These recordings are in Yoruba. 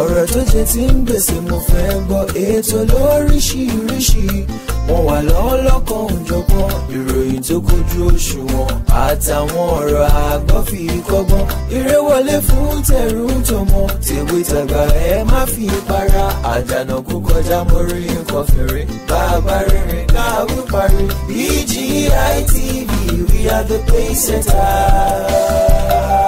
ọ̀rọ̀ tó jẹ ti ń gbèsè mo fẹ́ gbọ́ ètò lóríṣiríṣi wọn wà lọ́wọ́ lọ́kàn òjọ̀gbọ́n ìròyìn tó kojú òṣùwọ̀n àtàwọn ọ̀rọ̀ àgbọ́ fi kọ́gbọ́n eré wọlé fún tẹ̀rù tọmọ tèwe tàgbà ẹ má fi para àdànà kú kọjá mórí nǹkan fèrè bàbá rere káwí parí BGI TV we are the pace setters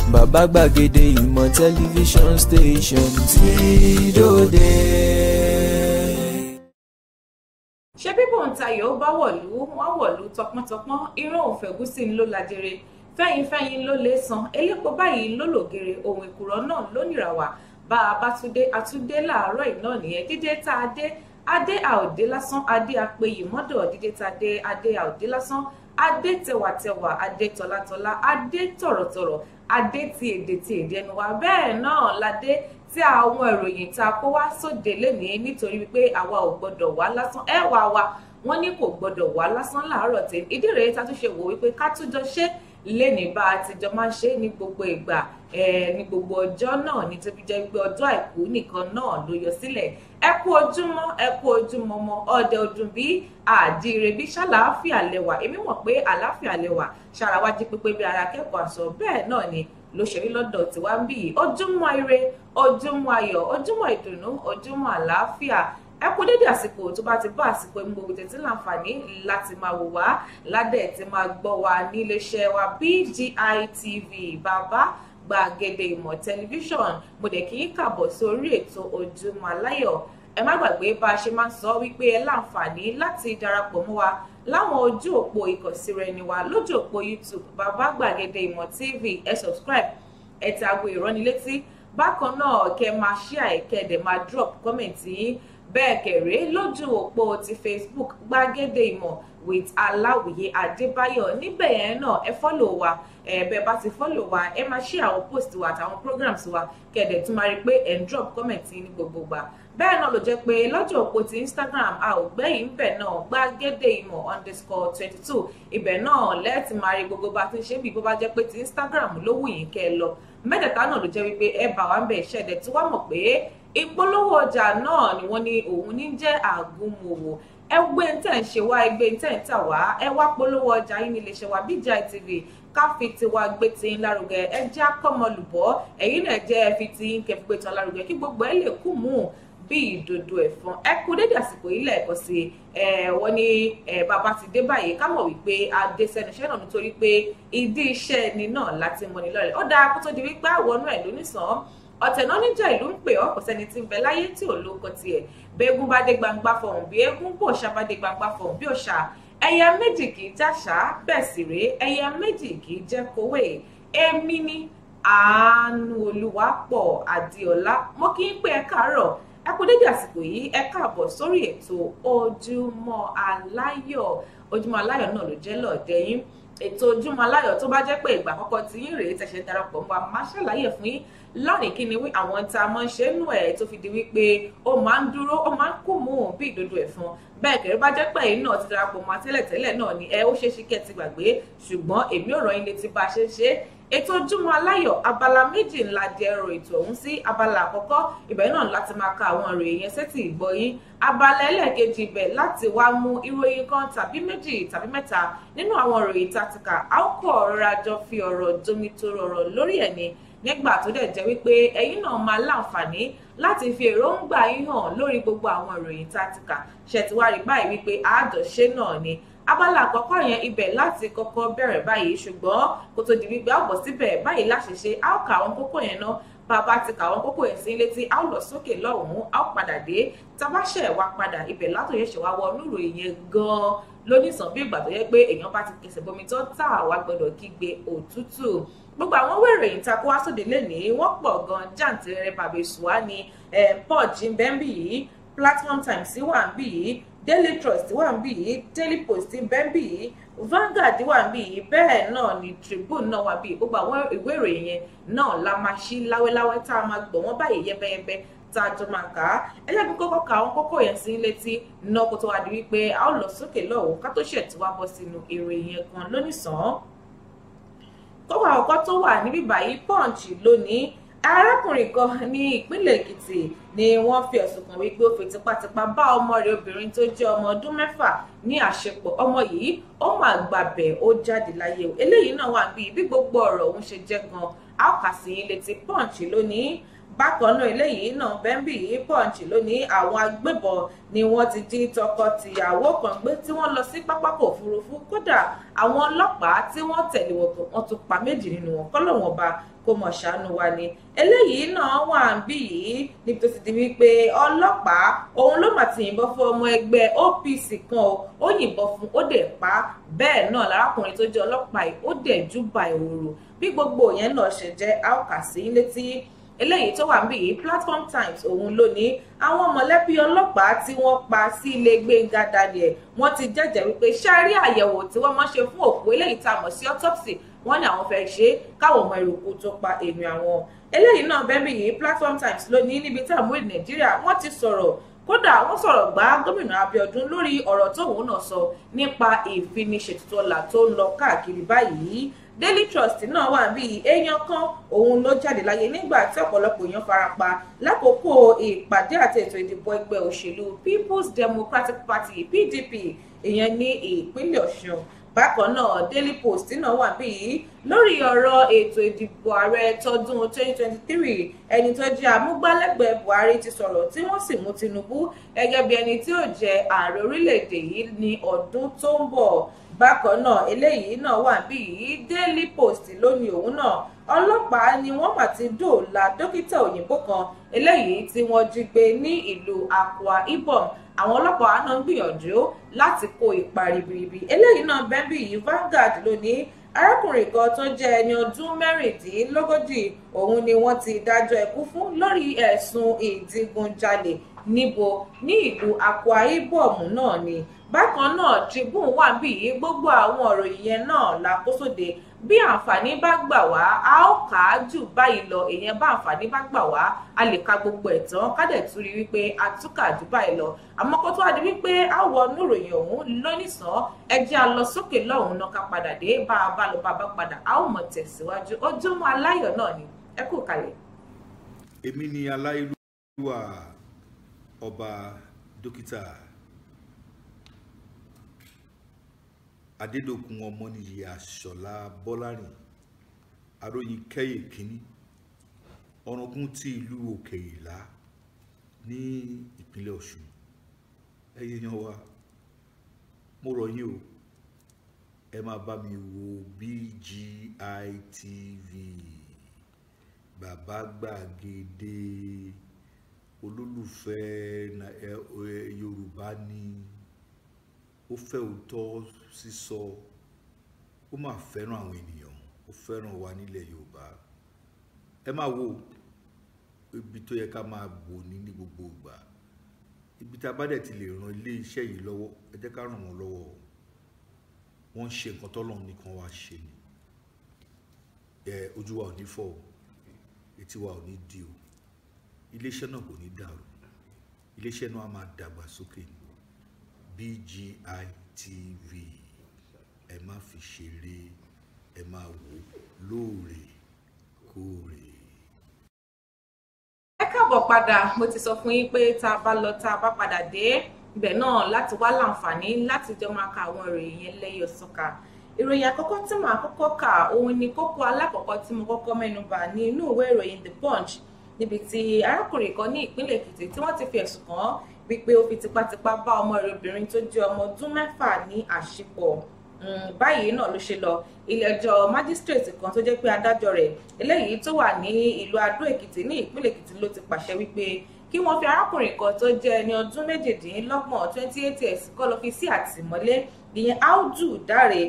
bàbá gbàgede ìmọ̀ tẹlifíṣọ̀n station ti dòde. ṣé bíbọ̀ ń tayọ̀ bá wọ̀lú wọ́n wọ̀lú tọpọ́ntọpọ́n irun òfẹ̀gúsí ló lajere fẹ́yìnfẹ́yìn ló lè san elépo báyìí ló lògèrè ohun ìkùrọ̀ náà lónìràwà bá a bá túndé àtúndé làárọ̀ iná nìyẹn dídé tá a dé adé àòdé lásán adé apèyí mọ́dọ̀ dídé tá a dé adé àòdé lásán adé tẹwàtẹwà adé tọlátọlá adé tọ̀rọ̀tọ̀rọ̀ adé ti èdè ti èdè ẹnu wa bẹ́ẹ̀ náà ládé tí àwọn ìròyìn tá a kó wá sóde lénìí nítorí wípé àwa ò gbọ́dọ̀ wá lásán ẹwà wa wọ́n ní kò gbọ́dọ̀ wá lásán láàárọ̀ tẹ ìdí rèé ta tún ṣe wò wípé ká tún jọ ṣe lẹ́ni bá a ti jọ máa ṣe ní gbogbo ìgbà ní gbogbo ọjọ́ náà ní tóbi jẹ́ pé ọjọ́ àìkú nìkan náà ló yọ sílẹ̀ ẹ kú ojúmọ́ ẹ kú ojúmọ́ mọ́ ọdẹ ọdún bí àdìrẹ bí ṣàlàáfíà lẹwà èmi mọ̀ pé àlàáfíà lẹwà ṣàràwájú pípé bí ara akẹ́kọ̀ọ́ àṣọ bẹ́ẹ̀ náà ni ló ṣe rí lọ́dọ̀ tiwa ń bì ojúmọ́ ire ojúmọ́ ayọ̀ ojúmọ́ ìdùnnú ojúmọ́ àlàáfíà ẹ kú dédé àsìkò tó bá ti bá àsìkò ìmúgbògbò tètè láǹfààní láti máa wò wá ládẹ̀ tí máa gbọ́ wa níléeṣẹ́ wa BGI TV bàbá gbàgede ìmọ̀ tẹlifíṣọ̀n mo dẹ̀ kí yín kàbọ̀ sí orí ètò Ojúmọ́ Aláyọ̀ ẹ má gbàgbé bá a ṣe máa ń sọ wípé ẹ láǹfààní láti darapọ̀ mọ́ wa láwọn ojú òpó ìkànsí rẹ̀ wa lójú òpó YouTube bàbá gbàgede ìmọ̀ TV ẹ subscribe ẹ ti aago ìránnilétí bákan náà kẹ máa ṣíà ẹ kẹ dẹ̀ máa drop kọ́mẹ̀ntì yín bẹ́ẹ̀ kẹ̀rẹ́ lójú òpó ti Facebook gbàgede ìmọ̀ with aláwìyé adébáyọ̀ níbẹ̀ yẹn náà ẹ fọ́lò wa ẹ bẹ́ẹ̀ bá ti fọ́lò wa ẹ máa ṣí àwọn post wa àtàwọn programs wa kẹ̀dẹ̀ tún máa rí pé ẹ̀ ń drop comment ní gbogbo gbà bẹ́ẹ̀ náà ló jẹ́ pé lọ́jọ́ òpó ti Instagram a ò gbẹ́yìn bẹ̀ náà gbàgede ìmọ̀ underscore twenty two ibẹ̀ náà lẹ́ẹ̀tì máa rí gbogbo bá ti ṣe bí bó bá jẹ́ pé ti Instagram ló wù yín kẹ́ ẹ lọ mẹ́tẹ̀ẹ̀ta náà ló jẹ́ wípé ẹ bá wa ń bẹ̀ ṣẹ̀dẹ̀ tí wàá mọ̀ pé ìpolówó ọjà náà ni wọ́n ní òun ní jẹ́ àgúnmòwò ẹ gbé ń tẹ̀ ń ṣe wá ẹgbẹ́ tẹ̀ ń tà wá ẹ wá polówó ọjà yín ní iléeṣẹ́ wa BGI TV ká fi tiwa gbé ti ń lárugẹ ẹ jẹ́ akọ́mọlùbọ́ ẹ̀yin náà jẹ́ ẹ fi ti ń kẹ́ fi gbé tán lárugẹ kí gbogbo ẹ lè kú mú un bí ìdodo ẹ̀fọn ẹ kú dédé àsìkò yìí lẹ́ẹ̀kan sí ẹ wọ́n ní ẹ bàbá ti dé báyìí ká mọ̀ wípé adé sẹ́nuṣẹ́ náà nítorí pé ìdí iṣẹ́ ni náà láti mọ́ni lọ́rẹ̀ ó dáa kó tó di wípé àwọn ọ̀nà ọ̀tẹ̀nánìjà ìlú ń pè ọ́ kò sẹ́ni tí ń bẹ láyé tí ò lóko tiẹ̀ bẹ́ẹ̀gùn bá dé gbangba fọ̀hún bí eégún bò ṣá bá dé gbangba fọ̀hún bí òṣà ẹyẹ méjì kì í jàṣà bẹ́ẹ̀ sì rèé ẹyẹ méjì kì í jẹ́ kówé èmi ni àánú olúwapọ̀ adéọlá mo kí ń pé ẹ káàárọ̀ ẹ kú dédé àsìkò yìí ẹ káàbọ̀ sórí ètò ojúmọ́ aláyọ̀ ojúmọ́ aláyọ̀ náà ló jẹ́ lọ́ọ̀dẹ́yìn ètò ojúmọ́ aláyọ̀ tó bá jẹ́ pé ìgbà àkọ́kọ́ tí yín rèé tẹ̀sẹ̀ darapọ̀ mọ́ máa ṣàlàyé fún yín lónìí kí ni wí àwọn tá a máa ń ṣe nù ẹ̀ tó fi di wípé ó máa ń dúró ó máa ń kó mú òun bí ìdodo ẹ̀fọn bẹ́ẹ̀ kẹ̀rẹ́ bá jẹ́ pé ẹ̀yin ti darapọ̀ mọ́ tẹ́lẹ̀tẹ́lẹ̀ náà ni ẹ ó ṣeé ṣe kẹ́ ti gbàgbé ṣùgbọ́n èmi ò ràn létí bá a ṣe ń ṣe ètò ojúmọ́ aláyọ̀ abala méjì ńlá jẹ ẹrọ ètò ọ̀hún sí abala àkọ́kọ́ ibẹ̀ náà láti máa ka àwọn ìròyìn yẹn sétí ìgbọ́ yín abala ẹlẹ́ẹ̀kejì ibẹ̀ láti wá mú ìròyìn kan tàbí méjì tàbí mẹ́ta nínú àwọn ìròyìn tàtìkà a ó kọ ọ̀rọ̀ àjọ fi ọ̀rọ̀ domitoro ọ̀rọ̀ lórí ẹ̀ ni nígbà tó dẹ̀ jẹ́ wípé ẹ̀yin náà máa láǹfààní láti fi èròǹgbà yín lórí gbogbo àwọn ìròyìn tàtìkà ṣètìwárí báyìí wípé àádọ́ṣe náà ni abala àkọ́kọ́ yẹn ibẹ̀ láti kọ́kọ́ bẹ̀rẹ̀ báyìí ṣùgbọ́n kó tó di gbígbé àbọ̀ síbẹ̀ báyìí láṣẹ ṣe a ó ka àwọn kókó yẹn náà bàbá ti kà àwọn kókó yẹn sí létí a ó lọ sókè lọ́hùn-ún a ó padà dé tabáṣẹ̀ wa padà ibẹ̀ látòyẹ̀ ṣẹ̀ wá wọ nírò yẹn gan-an lónìsàn bí ìgbà tó yẹ pé èèyàn bá ti kẹsẹ̀ bomi tó tà wá gbọdọ̀ kígbe òtútù gbogbo àwọn owó ìròyìn takò wá lénìí wọ́n pọ̀ gan jàǹtìrẹrẹ bàbá ni eh, paul jimbe yìí platform times wà ń bì yìí daily trust wà ń bì yìí daily post ń bẹ́ ń bì yìí Vanguard wà ń bì yìí bẹ́ẹ̀ náà ni Tribune náà wà bí gbogbo àwọn ìwé ìròyìn yẹn náà la máa ṣí láwéláwé tá a máa gbọ̀ wọ́n báyìí yẹ́bẹ́yẹ́bẹ́ tá a jọ máa kà á ẹjẹ́ kọ́kọ́ ka àwọn kókó yẹn sí létí náà kó tó wá di wípé a ó lọ sókè lọ́wọ́ ká tó ṣẹ̀ tí wá bọ́ sínú èrò kan lónìí sàn án kókó àkọ́kọ́ tó wà níbí Punch lónìí arákùnrin kan ní ìpínlẹ̀ èkìtì ni wọ́n fi ẹ̀sùn kàn wípé ó fi tipátipá bá ọmọ rẹ̀ obìnrin tó jẹ́ ọmọ ọdún mẹ́fà ní àṣepọ̀ ọmọ yìí ọmọ àgbàbẹ̀ ó jáde láyé o eléyìí náà wà bíi bí gbogbo ọ̀rọ̀ òun ṣe jẹ́ gan a ó kà sí yín létí punch lónìí bákan náà eléyìí náà bẹ́ńbì yìí punch lónìí àwọn agbébọn ni wọ́n ti jí tọkọ-tìyàwó kan gbé tí wọ́n lọ sí pápákọ̀ òfurufú kódà àwọn ọlọ́pàá tí wọ́n tẹ̀lé wọn tó pa méjì nínú wọn kọ́lọ́wọ́n ba kó mọ̀ ṣàánú wa ni eléyìí náà wà ń bí yìí níbi tó ti di wípé ọlọ́pàá òun ló mà ti yìnbọn fún ọmọ ẹgbẹ́ OPC kan o ó yìnbọn fún ó dẹ̀ pa bẹ́ẹ̀ náà lárákùnrin tó jẹ́ ọlọ́pàá yìí ó dẹ̀ júbà ìhòòrò bí gbogbo yẹn náà ṣe jẹ́ àwòkà létí eléyìí tó wà ń bí yìí Platform Times òun ló ní àwọn mọ̀lẹ́bí ọlọ́pàá tí wọ́n pa sí ilé Gbẹ́ngà Daniel wọ́n ti jẹ́jẹ́ wípé ṣáárí àyẹ̀wò tí wọ́n máa ṣe fún òkú eléyìí tá a mọ̀ sí autopsy wọ́n ní àwọn fẹ́ẹ́ ṣe é káwọn ọmọ ìrókò tó pa èmi àwọn eléyìí náà bẹ́ẹ̀ yìí Platform Times lónìí níbi tá à ń wé Nàìjíríà wọ́n ti sọ̀rọ̀ kódà wọ́n sọ̀rọ̀ gbá gómìnà Abíọ́dún lórí ọ̀rọ̀ tóun náà sọ nípa ìfiniṣètò ọlà tó ń lọ káàkiri báyìí Daily Trust náà wà bí èèyàn kan òun ló jáde láyé nígbà tí ọ̀pọ̀lọpọ̀ èèyàn farapa lákòókò ìpàdé àti ètò ìdìbò ẹgbẹ́ òṣèlú People's Democratic Party PDP ìyẹn ní ìpínlẹ̀ Ọ̀ṣun bákan náà Daily Post náà wà bíi lórí ọ̀rọ̀ ètò ìdìbò ààrẹ tọdún 2023 ẹni tó jẹ́ amúgbálẹ́gbẹ̀ẹ́ Buhari ti sọ̀rọ̀ tí wọ́n sì mú Tinubu gẹ́gẹ́ bí ẹni tí ó jẹ ààrẹ orílẹ̀-èdè yìí ní ọdún tó ń bọ̀ bákan náà eléyìí náà wà bíi Daily Post lónìí òun náà ọlọ́pàá ni wọ́n mà ti dóòlà dókítà òyìnbó kan eléyìí tí wọ́n jí gbé ní ìlú Akwa Ibom àwọn ọlọ́pàá náà ń gbìyànjú láti kó ipa ribiribi eléyìí náà bẹ́ńbì yìí Vanguard lónìí arákùnrin kan tó jẹ́ ẹni ọdún mẹ́rìndínlógójì òun ni wọ́n ti dájọ́ ẹ̀kú fún lórí ẹ̀sùn ìdígunjalè níbo ní ìlú Akwa Ibom náà ni bákan náà Tribune wà bí gbogbo àwọn ọ̀rọ̀ ìyẹn náà làkóso de bí àǹfààní bá gbà wá a ó kà á jù báyìí lọ èèyàn bá àǹfààní bá gbà wá a lè ka gbogbo ẹ̀tàn kádẹ̀ tún rí wípé a túkà jù báyìí lọ àmọ́ kó tó wá di wípé a wọ inú ìròyìn ọ̀hún lọ́nìsàn ẹ jẹ́ a lọ sókè lọ́hùn náà ká padà dé bá a bá lọ bá a bá padà a ó mọ̀ tẹ̀síwájú ojúmọ́ aláyọ̀ náà ni ẹ kú kalẹ̀. èmi ni aláyélúwà ọba dókítà adédọ̀kun ọmọnìyí àṣọlá bọ́lárìn aróyin kẹ́yè kínní ọ̀ràngún ti ìlú òkè ìlá ní ìpínlẹ̀ ọ̀ṣun ẹ̀yin èèyàn wa mo rọ̀ yín o ẹ máa bá mi wo BGI TV bàbá gbàgede olólùfẹ́ yorùbá ni. Eh, eh, ó fẹ́ òótọ́ sísọ ó máa fẹ́ràn àwọn ènìyàn ó fẹ́ràn wa nílẹ̀ yorùbá ẹ máa wo ibi tó yẹ ká máa wò ní ní gbogbo ìgbà ibi tá a bá dẹ̀ ti lè ran ilé iṣẹ́ yìí lọ́wọ́ ẹ jẹ́ ká ràn wọ́n lọ́wọ́ wọ́n ń ṣe nǹkan tọ́lọ́run nìkan wá ṣe ni ẹ ojú wa ò ní fọ́ o etí wa ò ní di o iléeṣẹ́ náà kò ní dàrú iléeṣẹ́ náà á máa dàgbà sókè ni BGI TV ẹ má fi ṣeré ẹ máa wò lóòrèkóòrè. ẹ káàbọ̀ padà mo ti sọ fún yín pé tá a bá lọ tá a bá padà dé ibẹ̀ náà láti wá láǹfààní láti jọ máa ka àwọn ìròyìn yẹn sọ́ka ìròyìn àkọ́kọ́ tí màá kọ́kọ́ kà òun ni kókó alákọ̀ọ́kọ́ tí mo kọ́kọ́ mẹ́nuba ní inú ìwé ìròyìn The Punch níbi tí arákùnrin kan ní ìpínlẹ̀ Èkìtì tí wọ́n ti fi ẹ̀sùn kàn án wípé ó fi tipátipá bá ọmọ rẹ̀ obìnrin tó jẹ́ ọmọ ọdún mẹ́fà ní àṣepọ̀ hmm, báyìí náà ló ṣe lọ ilé ẹjọ́ májísírèètì kan tó jẹ́ pé adájọ́ rẹ̀ eléyìí tó wà ní ìlú adó èkìtì ní ìpínlẹ̀ èkìtì ló ti pàṣẹ wípé kí wọ́n fi arákùnrin kan tó jẹ́ ẹni ọdún méjìdínlọ́gbọ̀n twenty eight years kọ́ lọ fi sí àtìmọ́lé ìyẹn áùdù dáre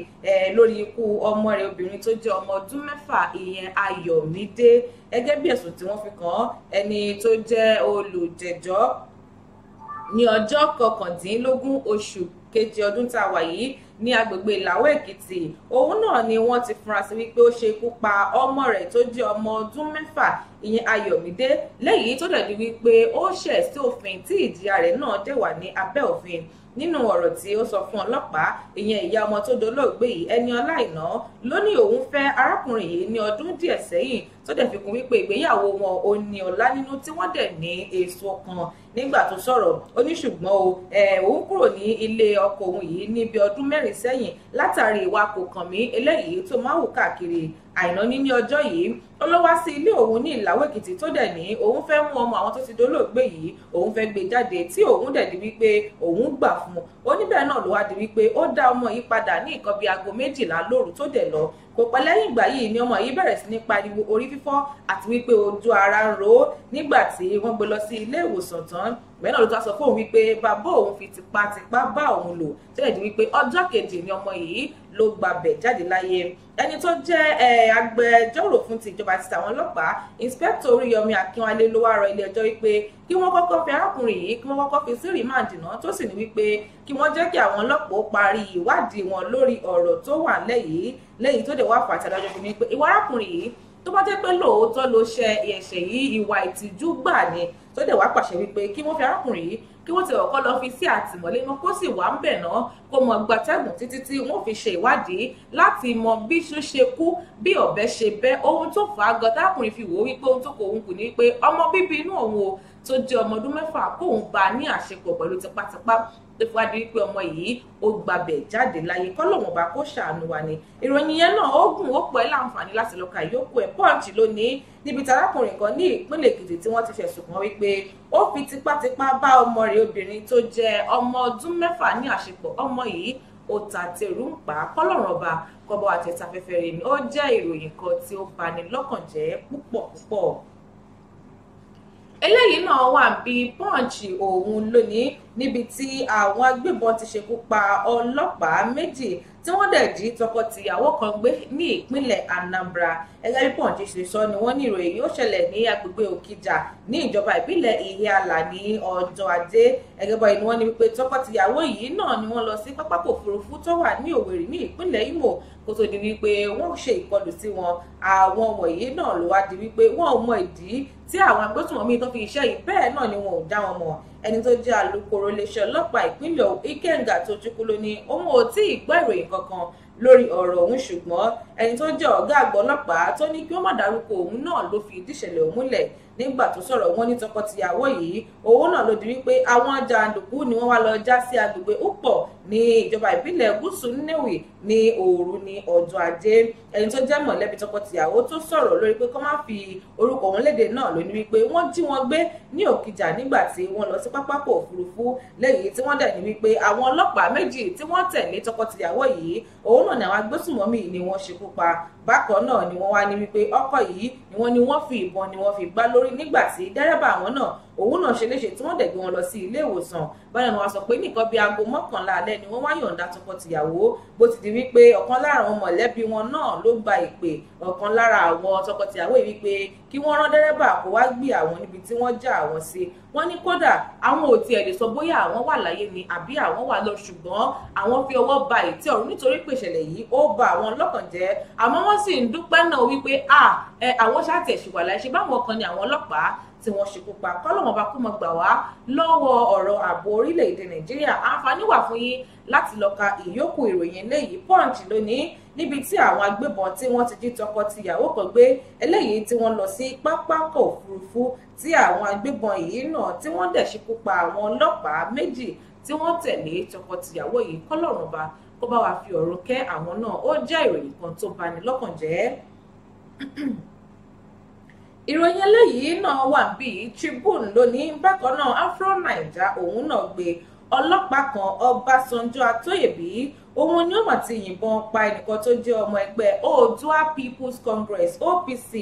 lórí ikú ọmọ rẹ̀ obìnrin tó jẹ́ ọmọ ọdún mẹ́fà ìyẹn ayọ̀mídé gẹ́gẹ́ bí ẹ̀sùn tí wọ́n fi kàn án ẹni tó jẹ́ olùjẹ́jọ́ ní ọjọ́ kọkàndínlógún oṣù kejì ọdún tá a yìí ní agbègbè ìlàwọ̀ èkìtì òun náà ni wọ́n ti fura sí wípé ó ṣe ikú pa ọmọ rẹ̀ tó jẹ́ ọmọ ọdún mẹ́fà ìyẹn ayọ̀mídé lẹ́yìn tó dẹ̀ di wípé ó ṣẹ̀ sí òfin tí ìjìyà rẹ̀ náà dẹ̀ wà ní abẹ́ òfin nínú ọ̀rọ̀ tí ó sọ fún ọlọ́pàá ìyẹn ìyá ọmọ tó dolóògbé yìí Ẹniọlá Àìná ló ní òun fẹ́ arákùnrin yìí ní ọdún díẹ̀ sẹ́yìn tó dẹ̀ fi kún wípé ìgbéyàwó wọn ò ní ọ̀la nínú tí wọ́n dẹ̀ ní èso kan nígbà tó sọ̀rọ̀ ó o òun kúrò ní ilé ọkọ òun yìí ní bí ọdún mẹ́rin sẹ́yìn látàrí ìwà kò kàn mí eléyìí tó máa wù káàkiri àìná ní ní ọjọ́ yìí ó ló wá sí ilé òun ní ìlàwọ̀ èkìtì tó dẹ̀ ní òun fẹ́ mú ọmọ àwọn tó ti dolóògbé yìí òun fẹ́ gbé jáde tí òun dẹ̀ di wípé òun gbà fún un oníbẹ̀ náà ló wá di wípé ó dá ọmọ yìí padà ní nǹkan bíi aago méjìlá lóru tó dẹ̀ lọ kò pẹ́ lẹ́yìn ìgbà yìí ni ọmọ yìí bẹ̀rẹ̀ sí ní pariwo orí fífọ́ àti wípé ojú ara ń ro nígbà tí wọ́n gbé lọ sí ilé ìwòsàn tán mẹ́rin ló tó sọ fóun wípé bàbá òun fi tipátipá bá òun lò tẹ́lẹ̀ di wípé ọjọ́ kejì ni ọmọ yìí ló gbabẹ̀ jáde láyé ẹni tó jẹ́ agbẹjọ́rò fún ti ìjọba ti tàwọn ọlọ́pàá inspector oríyọmí akínwálé ló wá rọ ilé ẹjọ́ wípé kí wọ́n kọ́kọ́ fi arákùnrin yìí kí wọ́n kọ́kọ́ fi sí rìmáàndì náà tó sì ní wípé kí wọ́n jẹ́ kí àwọn ọlọ́pàá parí ìwádìí wọn lórí ọ̀rọ̀ tó wà lẹ́yìn lẹ́yìn tó dẹ̀ wá fàtàlájọ́ fún mi pé ìwà arákùnrin yìí tó bá jẹ́ pé lóòótọ́ ló ṣe ẹ̀ṣẹ̀ yìí ìwà ìtìjú gbà ni tó dẹ̀ wá pàṣẹ wípé kí wọ́n fi arákùnrin yìí kí wọ́n ti ọ̀kọ́ lọ fi sí àtìmọ́lé wọn kó sì wá ń bẹ̀ náà kó mọ gbatẹ́gùn títí tí wọ́n fi ṣe ìwádìí láti mọ bí ṣú ṣe kú bí ọ̀bẹ ṣe bẹ́ ohun tó fà á gan tákùnrin fi wò wípé ohun tó kò òun kù pé ọmọ bíbí inú òun o tó jẹ́ ọmọ ọdún mẹ́fà kóun bá ní àṣepọ̀ pẹ̀lú tipátipá tó fi wá di wípé ọmọ yìí ó gbabẹ̀ jáde láyé kọ́lọ́wọ́n bá kó ṣàánú wa ni ìròyìn yẹn náà ó gùn ó pọ̀ ẹ́ láǹfààní láti lọ́ka ìyókù ẹ̀ Punch lónìí níbi tarákùnrin kan ní ìpínlẹ̀ Èkìtì tí wọ́n ti fẹ̀sùn kàn wípé ó fi tipátipá bá ọmọ rẹ̀ obìnrin tó jẹ́ ọmọ ọdún mẹ́fà ní àṣepọ̀ ọmọ yìí ó ta tẹ̀rù ń pa kọ́lọ́run ọba kọ́bọ̀ àtẹ̀tàfẹ́fẹ́ rẹ̀ ni ó jẹ́ ìròyìn kan tí ó bani lọ́kàn jẹ́ púpọ̀ púpọ̀ eléyìí náà wà bí pọ́ǹchì òun lónìí níbi tí àwọn agbébọn ti ṣekú pa ọlọ́pàá méjì tí wọ́n dẹ̀ jí tọkọ-tìyàwó kan gbé ní ìpínlẹ̀ Anambra ẹgbẹ́ bí Punch ṣe sọ ni wọ́n ní ìròyìn yóò ṣẹlẹ̀ ní agbègbè Òkìjà ní ìjọba ìbílẹ̀ Ihiala ní ọjọ́ Ajé ẹgbẹ́ bọ́yìí ni wọ́n ní wípé tọkọ-tìyàwó yìí náà ni wọ́n lọ sí pápákọ̀ òfurufú tó wà ní Òwèrì ní ìpínlẹ̀ Imo kó tó di wípé wọ́n ṣe ìkọlù sí wọn àwọn wọ̀nyí náà ló wá di wípé wọ́n ò mọ ìdí tí àwọn agbésùnmọ̀mí tó fi iṣẹ́ yìí bẹ́ẹ̀ náà ni wọn ò dá wọn mọ̀ ẹni tó jẹ́ alūkkóró iléeṣẹ́ ọlọ́pàá ìpínlẹ̀ Ikenga Tochukwu ló ní òun ò tí ì gbọ́ ìròyìn kankan lórí ọ̀rọ̀ ọ̀hún ṣùgbọ́n ẹni tó jẹ́ ọ̀gá àgbọ̀ ọlọ́pàá tó ní kí ó má dárúkọ òun náà ló fi ìdíṣẹ̀lẹ̀ òun múlẹ̀ nígbà tó sọ̀rọ̀ wọn ní tọkọtìyàwó yìí òun náà ló di wípé àwọn jàǹdùkú ni wọ́n wá lọ já sí agbègbè Ukpo ní ìjọba ìbílẹ̀ gúúsù Nnewi ní òru ní ọjọ́ ajé ẹni tó jẹ́ mọ̀lẹ́bí tọkọtìyàwó tó sọ̀rọ̀ lórí pé kó má fi orúkọ òun léde náà ló ní wípé wọ́n jí wọn gbé ní Òkìjà nígbà tí wọ́n lọ sí pápákọ̀ òfurufú lẹ́yìn tí wọ́n dẹ̀ ní wípé àwọn ọlọ́pàá méjì tí wọ́n tẹ̀lé tọkọtìyàwó yìí òun náà ni àwọn agbésùnmọ̀mí ni wọ́n ṣekú pa bákan náà ni wọ́n wá ní wípé ọkọ̀ yìí ni wọ́n ní wọ́n fi ìbọn ni wọ́n fi gbá lórí nígbà tí dẹ́rẹ́bà àwọn náà òun náà ṣe léṣe tí wọ́n dẹ̀ gbé wọn lọ sí ilé ìwòsàn báyọ̀ wọn sọ pé nìkan bíi aago mọ́kànlá alẹ́ ni wọ́n wá yọ̀ǹda tọkọ-tìyàwó bó ti di wípé ọ̀kan lára àwọn mọ̀lẹ́bí wọn náà ló gba ìpè ọ̀kan lára àwọn tọkọ-tìyàwó yìí wípé kí wọ́n rán dẹ́rẹ́bà kó wá gbé àwọn níbi tí wọ́n já àwọn sí wọ́n ní kódà àwọn ò tiẹ̀ lè sọ bóyá àwọn wà láyé ni àbí àwọn wà lọ ṣùgbọ́n àwọn fi ọwọ́ ba ìtí ọ̀run nítorí pé ìṣẹ̀lẹ̀ yìí ó ba àwọn lọ́kàn jẹ́ àmọ́ wọ́n sì ń dúpẹ́ náà wípé àwọn ṣàtẹ̀ṣùwà láìṣe báwọn kan ni àwọn ọlọ́pàá tí wọ́n ṣekú pa kọ́lọ́wọ́n bá kó mọ gbà wá lọ́wọ́ ọ̀rọ̀ ààbò orílẹ̀-èdè nàìjíríà àǹfààní wà fún yín láti lọ ka ìyókù ìròyìn eléyìí punch lónìí níbi tí àwọn agbébọn tí wọ́n ti jí tọkọ-tìyàwó kan gbé eléyìí tí wọ́n lọ sí pápákọ̀ òfurufú tí àwọn agbébọn yìí náà tí wọ́n dẹ̀ ṣekú pa àwọn ọlọ́pàá méjì tí wọ́n tẹ̀lé tọkọ-tìyàwó yìí kọ́lọ́run bani lọ́kàn jẹ́ ìròyìn eléyìí náà wà bíi Tribune lónìí bákan náà Afro Naija òun náà gbé ọlọ́pàá kan Ọbásanjọ́ Atóyèbí òun ni ó mà ti yìnbọn pa ẹnìkan tó jẹ́ ọmọ ẹgbẹ́ Oòduà People's Congress OPC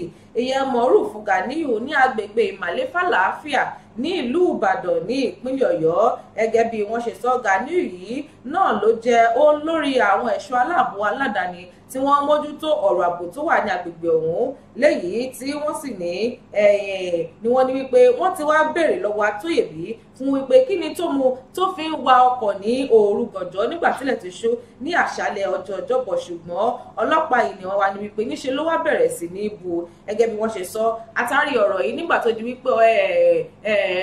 ìyẹn Mọ̀rúfù Ganiyu ní agbègbè Ìmàlé Fàlàáfíà ní ìlú Ìbàdàn ní ìpínlẹ̀ Ọ̀yọ́ gẹ́gẹ́ bí wọ́n ṣe sọ Ganiyu yìí náà ló jẹ́ olórí àwọn ẹ̀ṣọ́ aláàbò aládàáni tí wọ́n mójútó ọ̀rọ̀ ààbò tó wà ní agbègbè ọ̀hún léyìí tí wọ́n sì ní ni wọ́n ní wípé wọ́n ti wá béèrè lọ́wọ́ Atóyèbí fún wípé kí ni tó mu tó fi ń wa ọkọ̀ ní òru gànjọ́ nígbà tílẹ̀ ti ṣú ní àṣálẹ́ ọjọ́ ọjọ́bọ̀ ṣùgbọ́n ọlọ́pàá ìnìwọ̀n wa ni wípé níṣe ló wá bẹ̀rẹ̀ sí ní bu gẹ́gẹ́ bí wọ́n ṣe sọ àtàrí ọ̀rọ̀ yìí nígbà tó di wípé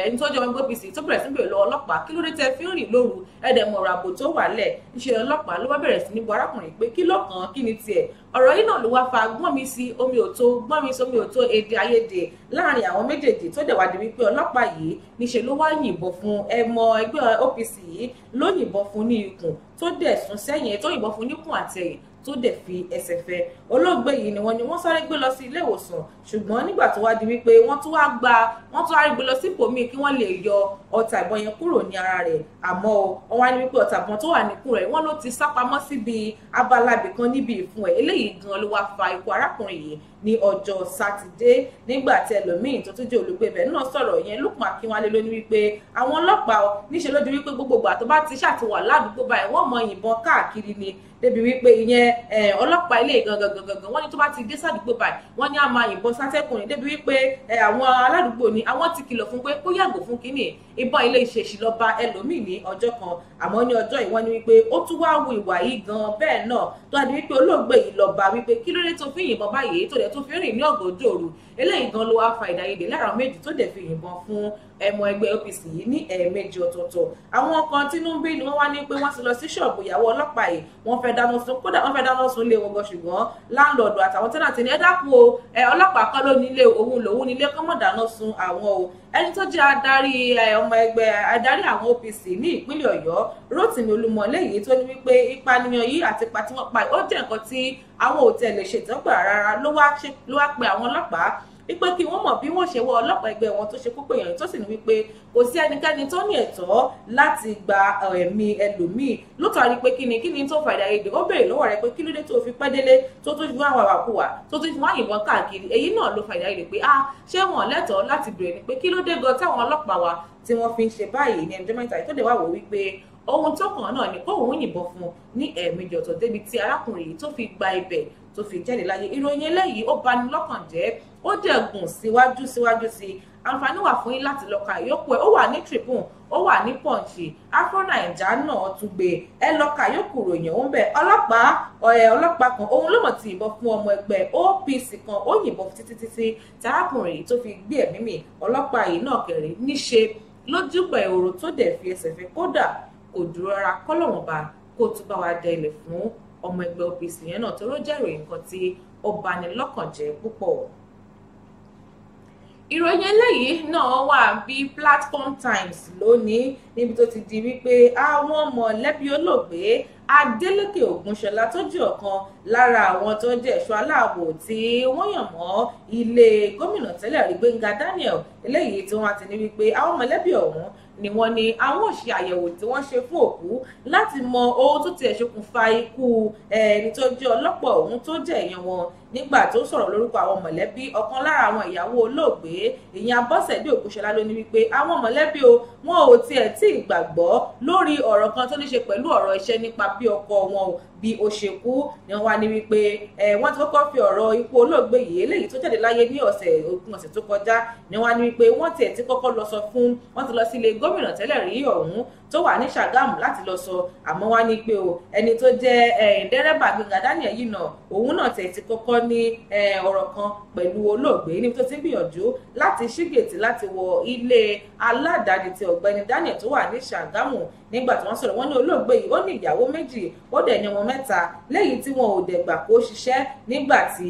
ẹni tó jẹ́ ọmọ APC tó bẹ̀rẹ̀ sí bèrè lọ ọlọ́pàá kí ló dé tẹ fi ń rìn lóru ẹ̀dẹ̀mọ̀ràbò tó wà lẹ̀ níṣe ọlọ́pàá ló wá bẹ̀rẹ̀ sí ní bu arákùnrin pé kí lọ́kàn kí ni tiẹ̀ ọ̀rọ̀ yìí náà ló wá fa gbọ́n mi sí omi òtó gbọ́n mi sí omi òtó èdè àìyedè láàrin àwọn méjèèjì tó dẹ̀ wá di wípé ọlọ́pàá yìí níṣe ló wá yìnbọn fún ẹmọ ẹgbẹ́ OPC yìí ló yìnbọn fún ní ikùn tó dẹ̀ sún sẹ́yìn tó yìnbọn fún níkùn àtẹ̀yìn tó dẹ̀ fi ẹsẹ̀ fẹ́ olóògbé yìí ni wọ́n ní wọ́n sáré gbé lọ sí ilé ìwòsàn ṣùgbọ́n nígbà tó wá di wípé wọ́n tún wá gba wọ́n tún wá gbé lọ sí ipòmíì kí wọ́n lè yọ ọta ìbọn yẹn kúrò ní ara rẹ̀ àmọ́ wọ́n wá ní wípé ọta ìbọn tó wà níkùn rẹ̀ wọ́n ló ti sá pamọ́ síbi abalabi kan níbi ìfun ẹ̀ eléyìí gan ló wá fa ikú arákùnrin yìí ní ọjọ́ sátidé nígbà tí ẹlòmíín tó tún jẹ́ olùgbébẹ̀ náà sọ̀rọ̀ yẹn Lukman Akínwálé ló ní wípé àwọn ọlọ́pàá níṣẹ́ ló di wípé gbogbogbò àtọ́ bá ti ṣàtiwà ládùúgbò báyìí wọ́n mọ yìnbọn káàkiri ni débi wípé ìyẹn ọlọ́pàá ilé gangan gangan wọ́n ní tó bá ti dé sádùúgbò báyìí wọ́n ní a máa yìnbọn sátẹ́kùnrin débi wípé àwọn aládùúgbò ni àwọn ti kìlọ̀ fún pé kó yàgò fún kínní ìbọn ilé ìṣèṣì lọ bá ní ọjọ́ kan àmọ́ ní ọjọ́ ìwọ́n ni wípé ó tún wá wu ìwà yìí gan bẹ́ẹ̀ náà tó a di wípé olóògbé yìí lọ wípé kí ló dé tó fi yìnbọn báyìí tó dẹ̀ tó fi rìn ní ọ̀gànjọ́ eléyìí gan ló wá fa ìdáyédè lára tó dẹ̀ fi yìnbọn fún ẹmọ ẹgbẹ́ OPC yìí ní ẹ̀ẹ̀mejì ọ̀tọ̀ọ̀tọ̀ àwọn kan tínú ń bí ni wọ́n wá ní pé wọ́n ti lọ sí ṣọ́ọ̀bù ìyàwó ọlọ́pàá yìí wọ́n fẹ́ dáná sun kódà wọ́n fẹ́ dáná sun lé wọn gan ṣùgbọ́n láńlọ́ọ̀dù àtàwọn tẹ́nà tí ní ẹ dákun o ọlọ́pàá kan ló nílé òun lòun nílé kọ́mọ̀ dáná sun àwọn o ẹni tó jẹ́ adarí ọmọ ẹgbẹ́ adarí àwọn OPC ní ìpínlẹ̀ Ọ̀yọ́ Rótìmí Olúmọlé yìí tó ní wípé ìpànìyàn yìí àti ipa tí wọ́n pa ó jẹ́ nǹkan tí àwọn òtẹ́ẹ̀lì ṣètọ́gbà rárá ló wá pe àwọn ọlọ́pàá wípé kí wọ́n mọ̀ bí wọ́n ṣe wọ ọlọ́pàá ẹgbẹ́ wọn tó ṣekú pèèyàn tó sì ní wípé kò sí ẹnikẹ́ni tó ní ẹ̀tọ́ láti gba uh, ẹ̀mí ẹlòmíì lóòótọ́ rí pé kíni kíni tó fàdà èdè ó béèrè lọ́wọ́ rẹ̀ pé kí ló dé tó fi pẹ́ délé tó tún fi wá àwọn àwàkuwà tó tún fi wá yìnbọn káàkiri èyí náà ló fàdà èdè pé ah ṣé wọn lẹ́tọ̀ọ́ láti béèrè ni pé kí ló dé gan táwọn ọlọ́pàá wa tí wọ́n fi ń ṣe báyìí ní ẹnjọ́ mẹ́ta tó dé wà wò wípé ohun tó kàn náà ni kóun yìnbọn fún ní ẹ̀ẹ̀mejì ọ̀tọ̀ débi tí arákùnrin yìí tó fi gba ibẹ̀ tó fi jáde láyé ìròyìn eléyìí ó bani lọ́kàn jẹ́ ó dẹ̀ gùn síwájú síwájú sí i àǹfààní wà fún yín láti lọ ka ìyókù ẹ̀ ó wà ní Tribune ó wà ní Punch Afro Naija náà tún gbé ẹ lọ ka ìyókù ròyìn òun bẹ́ẹ̀ ọlọ́pàá ọ̀ẹ́ ọlọ́pàá kan òun ló mọ̀ ti yìnbọn fún ọmọ ẹgbẹ́ OPC kan ó yìnbọn títí títí tarákùnrin yìí tó fi gbé ẹ̀mí mi ọlọ́pàá yìí náà kẹrin níṣe lójúgbà ìhòòrò tó dẹ̀ fi ẹsẹ̀ fẹ́ kódà kò dúró rárá kọ́lọ́wọ́n bá kó tún bá wa dẹ ilẹ̀ fún ọmọ ẹgbẹ́ OPC yẹn náà toró jẹ́ ìròyìn kan tí ó bani lọ́kàn púpọ̀ ìròyìn eléyìí náà wà bí Platform Times lónìí níbi tó ti di wípé àwọn mọ̀lẹ́bí olóògbé Adeleke Ògúnṣọlá tó jẹ́ ọ̀kan lára àwọn tó jẹ́ ẹ̀ṣọ́ aláàbò tí wọ́n yàn mọ́ ilé gómìnà tẹ́lẹ̀ rí Gbẹ́ngà Daniel eléyìí tí wọ́n ti ní wípé àwọn mọ̀lẹ́bí ọ̀hún ni wọ́n ní àwọn ò ṣe àyẹ̀wò tí wọ́n ṣe fún òkú láti mọ ohun tó tiẹ̀ ṣokùnfà ikú ẹni tó jẹ́ ọlọ́pọ̀ ọ̀hún tó jẹ́ èèyàn wọn nígbà tó sọ̀rọ̀ lórúkọ àwọn mọ̀lẹ́bí ọ̀kan lára àwọn ìyàwó olóògbé ìyẹn abọ́sẹ̀dé ògúnṣọlá ló ní wípé àwọn mọ̀lẹ́bí o wọn ò tiẹ̀ tí ì gbàgbọ́ lórí ọ̀rọ̀ kan tó ní ṣe pẹ̀lú ọ̀rọ̀ iṣẹ́ nípa bí ọkọ wọn o bí o ṣe kú ni wọn wá ní wípé ẹ wọn ti kọ́kọ́ fi ọ̀rọ̀ ikú olóògbé yìí eléyìí tó jáde láyé ní ọ̀sẹ̀ ogún ọ̀sẹ̀ tó kọjá ni wọn wá ní wípé wọn tiẹ̀ ti kọ́kọ́ lọ sọ fún wọn ti lọ sí ilé gómìnà tẹ́lẹ̀ rí ọ̀hún tó wà ní Ṣàgámù láti lọ sọ àmọ́ wá ní pé o ẹni tó jẹ́ dẹ́rẹ́bà Gbẹ́ngà Daniel yìí náà òun náà tẹ̀ ti kọ́kọ́ ní ọ̀rọ̀ kan pẹ̀lú olóògbé níbi tó ti ń gbìyànjú láti ṣígètì láti wọ ilé aládàáni ti ọ̀gbẹ́ni Daniel tó wà ní Ṣàgámù nígbà tí wọ́n sọ̀rọ̀ wọ́n ní olóògbé yìí ó ní ìyàwó méjì ó dẹ̀ ní ọmọ mẹ́ta léyìí tí wọn ò dẹ̀ gbà kó ṣiṣẹ́ nígbà tí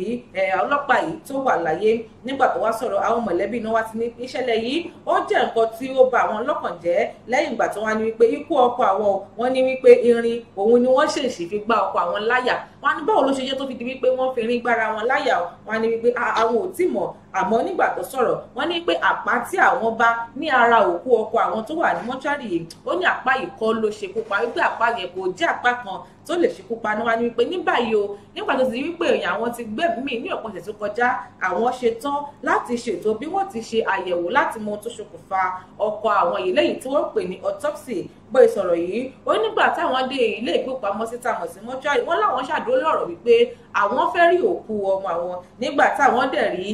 ọlọ́pàá yìí tó wà láyé nígbà tó wá sọ̀rọ̀ àwọn mọ̀lẹ́bí iná wá ti ní ìṣẹ̀lẹ̀ yìí ó jẹ́ nǹkan tí ó bà àwọn lọ́kàn jẹ́ lẹ́yìn ìgbà tó wá ní wípé ikú ọkọ àwọn wọn ní wípé irin òun ni wọ́n ṣèṣì fi gbá ọkọ àwọn láyà wọn ní báwo ló ṣe yẹ tó fi di wípé wọ́n fi irin gbára wọn láyà wọn ní wípé àwọn ò tí mọ̀ àmọ́ nígbà tó sọ̀rọ̀ wọ́n ní pé àpá tí àwọn bá ní ara òkú ọkọ àwọn tó wà ní mọ́ṣúárì yìí ó ní àpá yìí kọ́ ló ṣekú pa wípé àpá yẹn kò jẹ́ àpá kan tó lè ṣekú pa ní wípé ní báyìí o nígbà tó ti wípé èèyàn àwọn ti gbẹ̀mí ní ọ̀pọ̀ ọ̀sẹ̀ tó kọjá àwọn ṣe tán láti ṣètò bí wọ́n ti ṣe àyẹ̀wò láti mọ tó ṣokùnfà ọkọ̀ àwọn yìí lẹ́yìn tí wọ́n pè ní autopsy bó ṣe sọ̀rọ̀ yìí ó nígbà táwọn dé ilé ìgbópamọ́ síta mọ̀ sí mọ́ṣúárì wọ́n láwọn ṣàdúró lọ́rọ̀ wípé àwọn fẹ́ rí òkú ọmọ àwọn nígbà táwọn dẹ̀ rí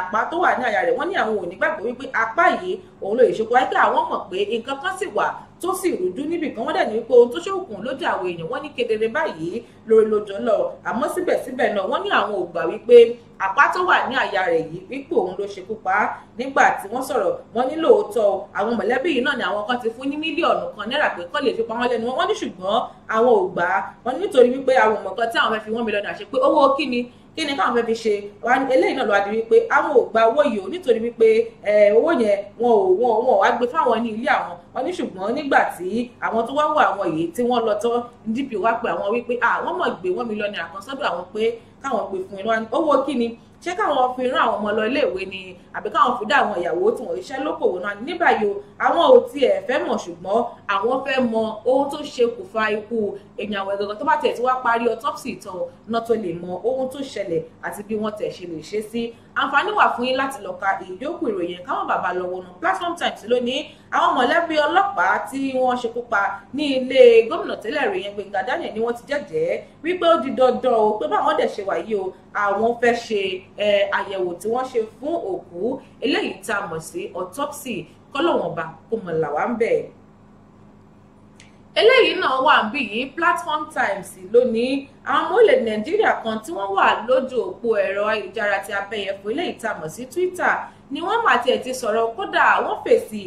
àpá tó wà ní àyà rẹ̀ wọ́n ní àwọn ò nígbàgbọ́ wípé apá yìí òun ló ìṣokùn wáyé pé àwọn mọ̀ pé nǹkan kan sì wà tó sì rújú níbì kan wọ́n dẹ̀ ní pé ohun tó ṣòkùn lójú àwọn èèyàn wọ́n ní kedere báyìí lórí lójó lọ àmọ́ síbẹ̀síbẹ̀ náà wọ́n ní àwọn ò gbà wípé àpá tó wà ní àyà rẹ̀ yìí wípé òun ló ṣekú pa á nígbà tí wọ́n sọ̀rọ̀ wọ́n ní lóòótọ́ àwọn mọ̀lẹ́bí yìí náà ni àwọn kan ti fún ní mílíọ̀nù kan náírà pé kọ́ lè fi pamọ́ lẹ́nu wọn wọ́n ní ṣùgbọ́n àwọn ò gbà á wọ́n nítorí wípé àwọn ọmọ kan tí àwọn fẹ́ fi wọ́n mílíọ̀nù àṣepé owó kíni kí ni káwọn fẹ́ fi ṣe wá eléyìí náà ló wá di wípé àwọn ò gba owó yìí o nítorí wípé owó yẹn wọn ò wọn wọn ò wá gbé fáwọn ní ilé àwọn wọn ní ṣùgbọ́n nígbà tí àwọn tó wá wọ àwọn yìí tí wọ́n lọ tán DP wá pé àwọn wípé àwọn mọ̀ gbé wọ́n mílíọ̀nù àkànṣọ́dọ̀ àwọn pé káwọn gbé fún iná owó kí ni ṣé káwọn fi rán àwọn ọmọ lọ iléèwé ni àbí káwọn fi dá àwọn ìyàwó tí wọn iṣẹ́ lókòwò náà ní báyìí o àwọn ò tiẹ̀ fẹ́ mọ̀ ṣùgbọ́n àwọn fẹ́ mọ ohun tó ṣe kò fa ikú èèyàn àwọn ẹ̀gọ́gọ́ tó bá tẹ̀ tí wá parí autopsy ìtàn náà tó lè mọ ohun tó ṣẹlẹ̀ àti bí wọ́n tẹ̀ ṣe lè ṣe sí àǹfààní wà fún yín láti lọ ka ìyókù ìròyìn káwọn bàbá lọ wọnú platform times lónìí àwọn mọ̀lẹ́bí ọlọ́pàá tí wọ́n ṣekúpa ní ilé gómìnà tẹ́lẹ̀ rí yẹn Gbẹ́ngà Daniel ni wọ́n ti jẹ́jẹ́ wípé ó di dandan o pé báwọn dẹ̀ ṣe wáyé o àwọn fẹ́ ṣe àyẹ̀wò tí wọ́n ṣe fún òkú eléyìí tá a mọ̀ sí autopsy kọ́lọ́wọ̀n ọba kó mọ̀ làwọn bẹ́ẹ̀ eléyìí náà wà níbí yìí Platform Times lónìí àwọn ọmọ orílẹ̀ nàìjíríà kan tí wọ́n wà lójú òpó ẹ̀rọ ayélujára ti abẹ́yẹfò eléyìí tá mọ̀ sí Twitter ni wọ́n máa tiẹ̀ ti sọ̀rọ̀ kódà wọ́n fèsì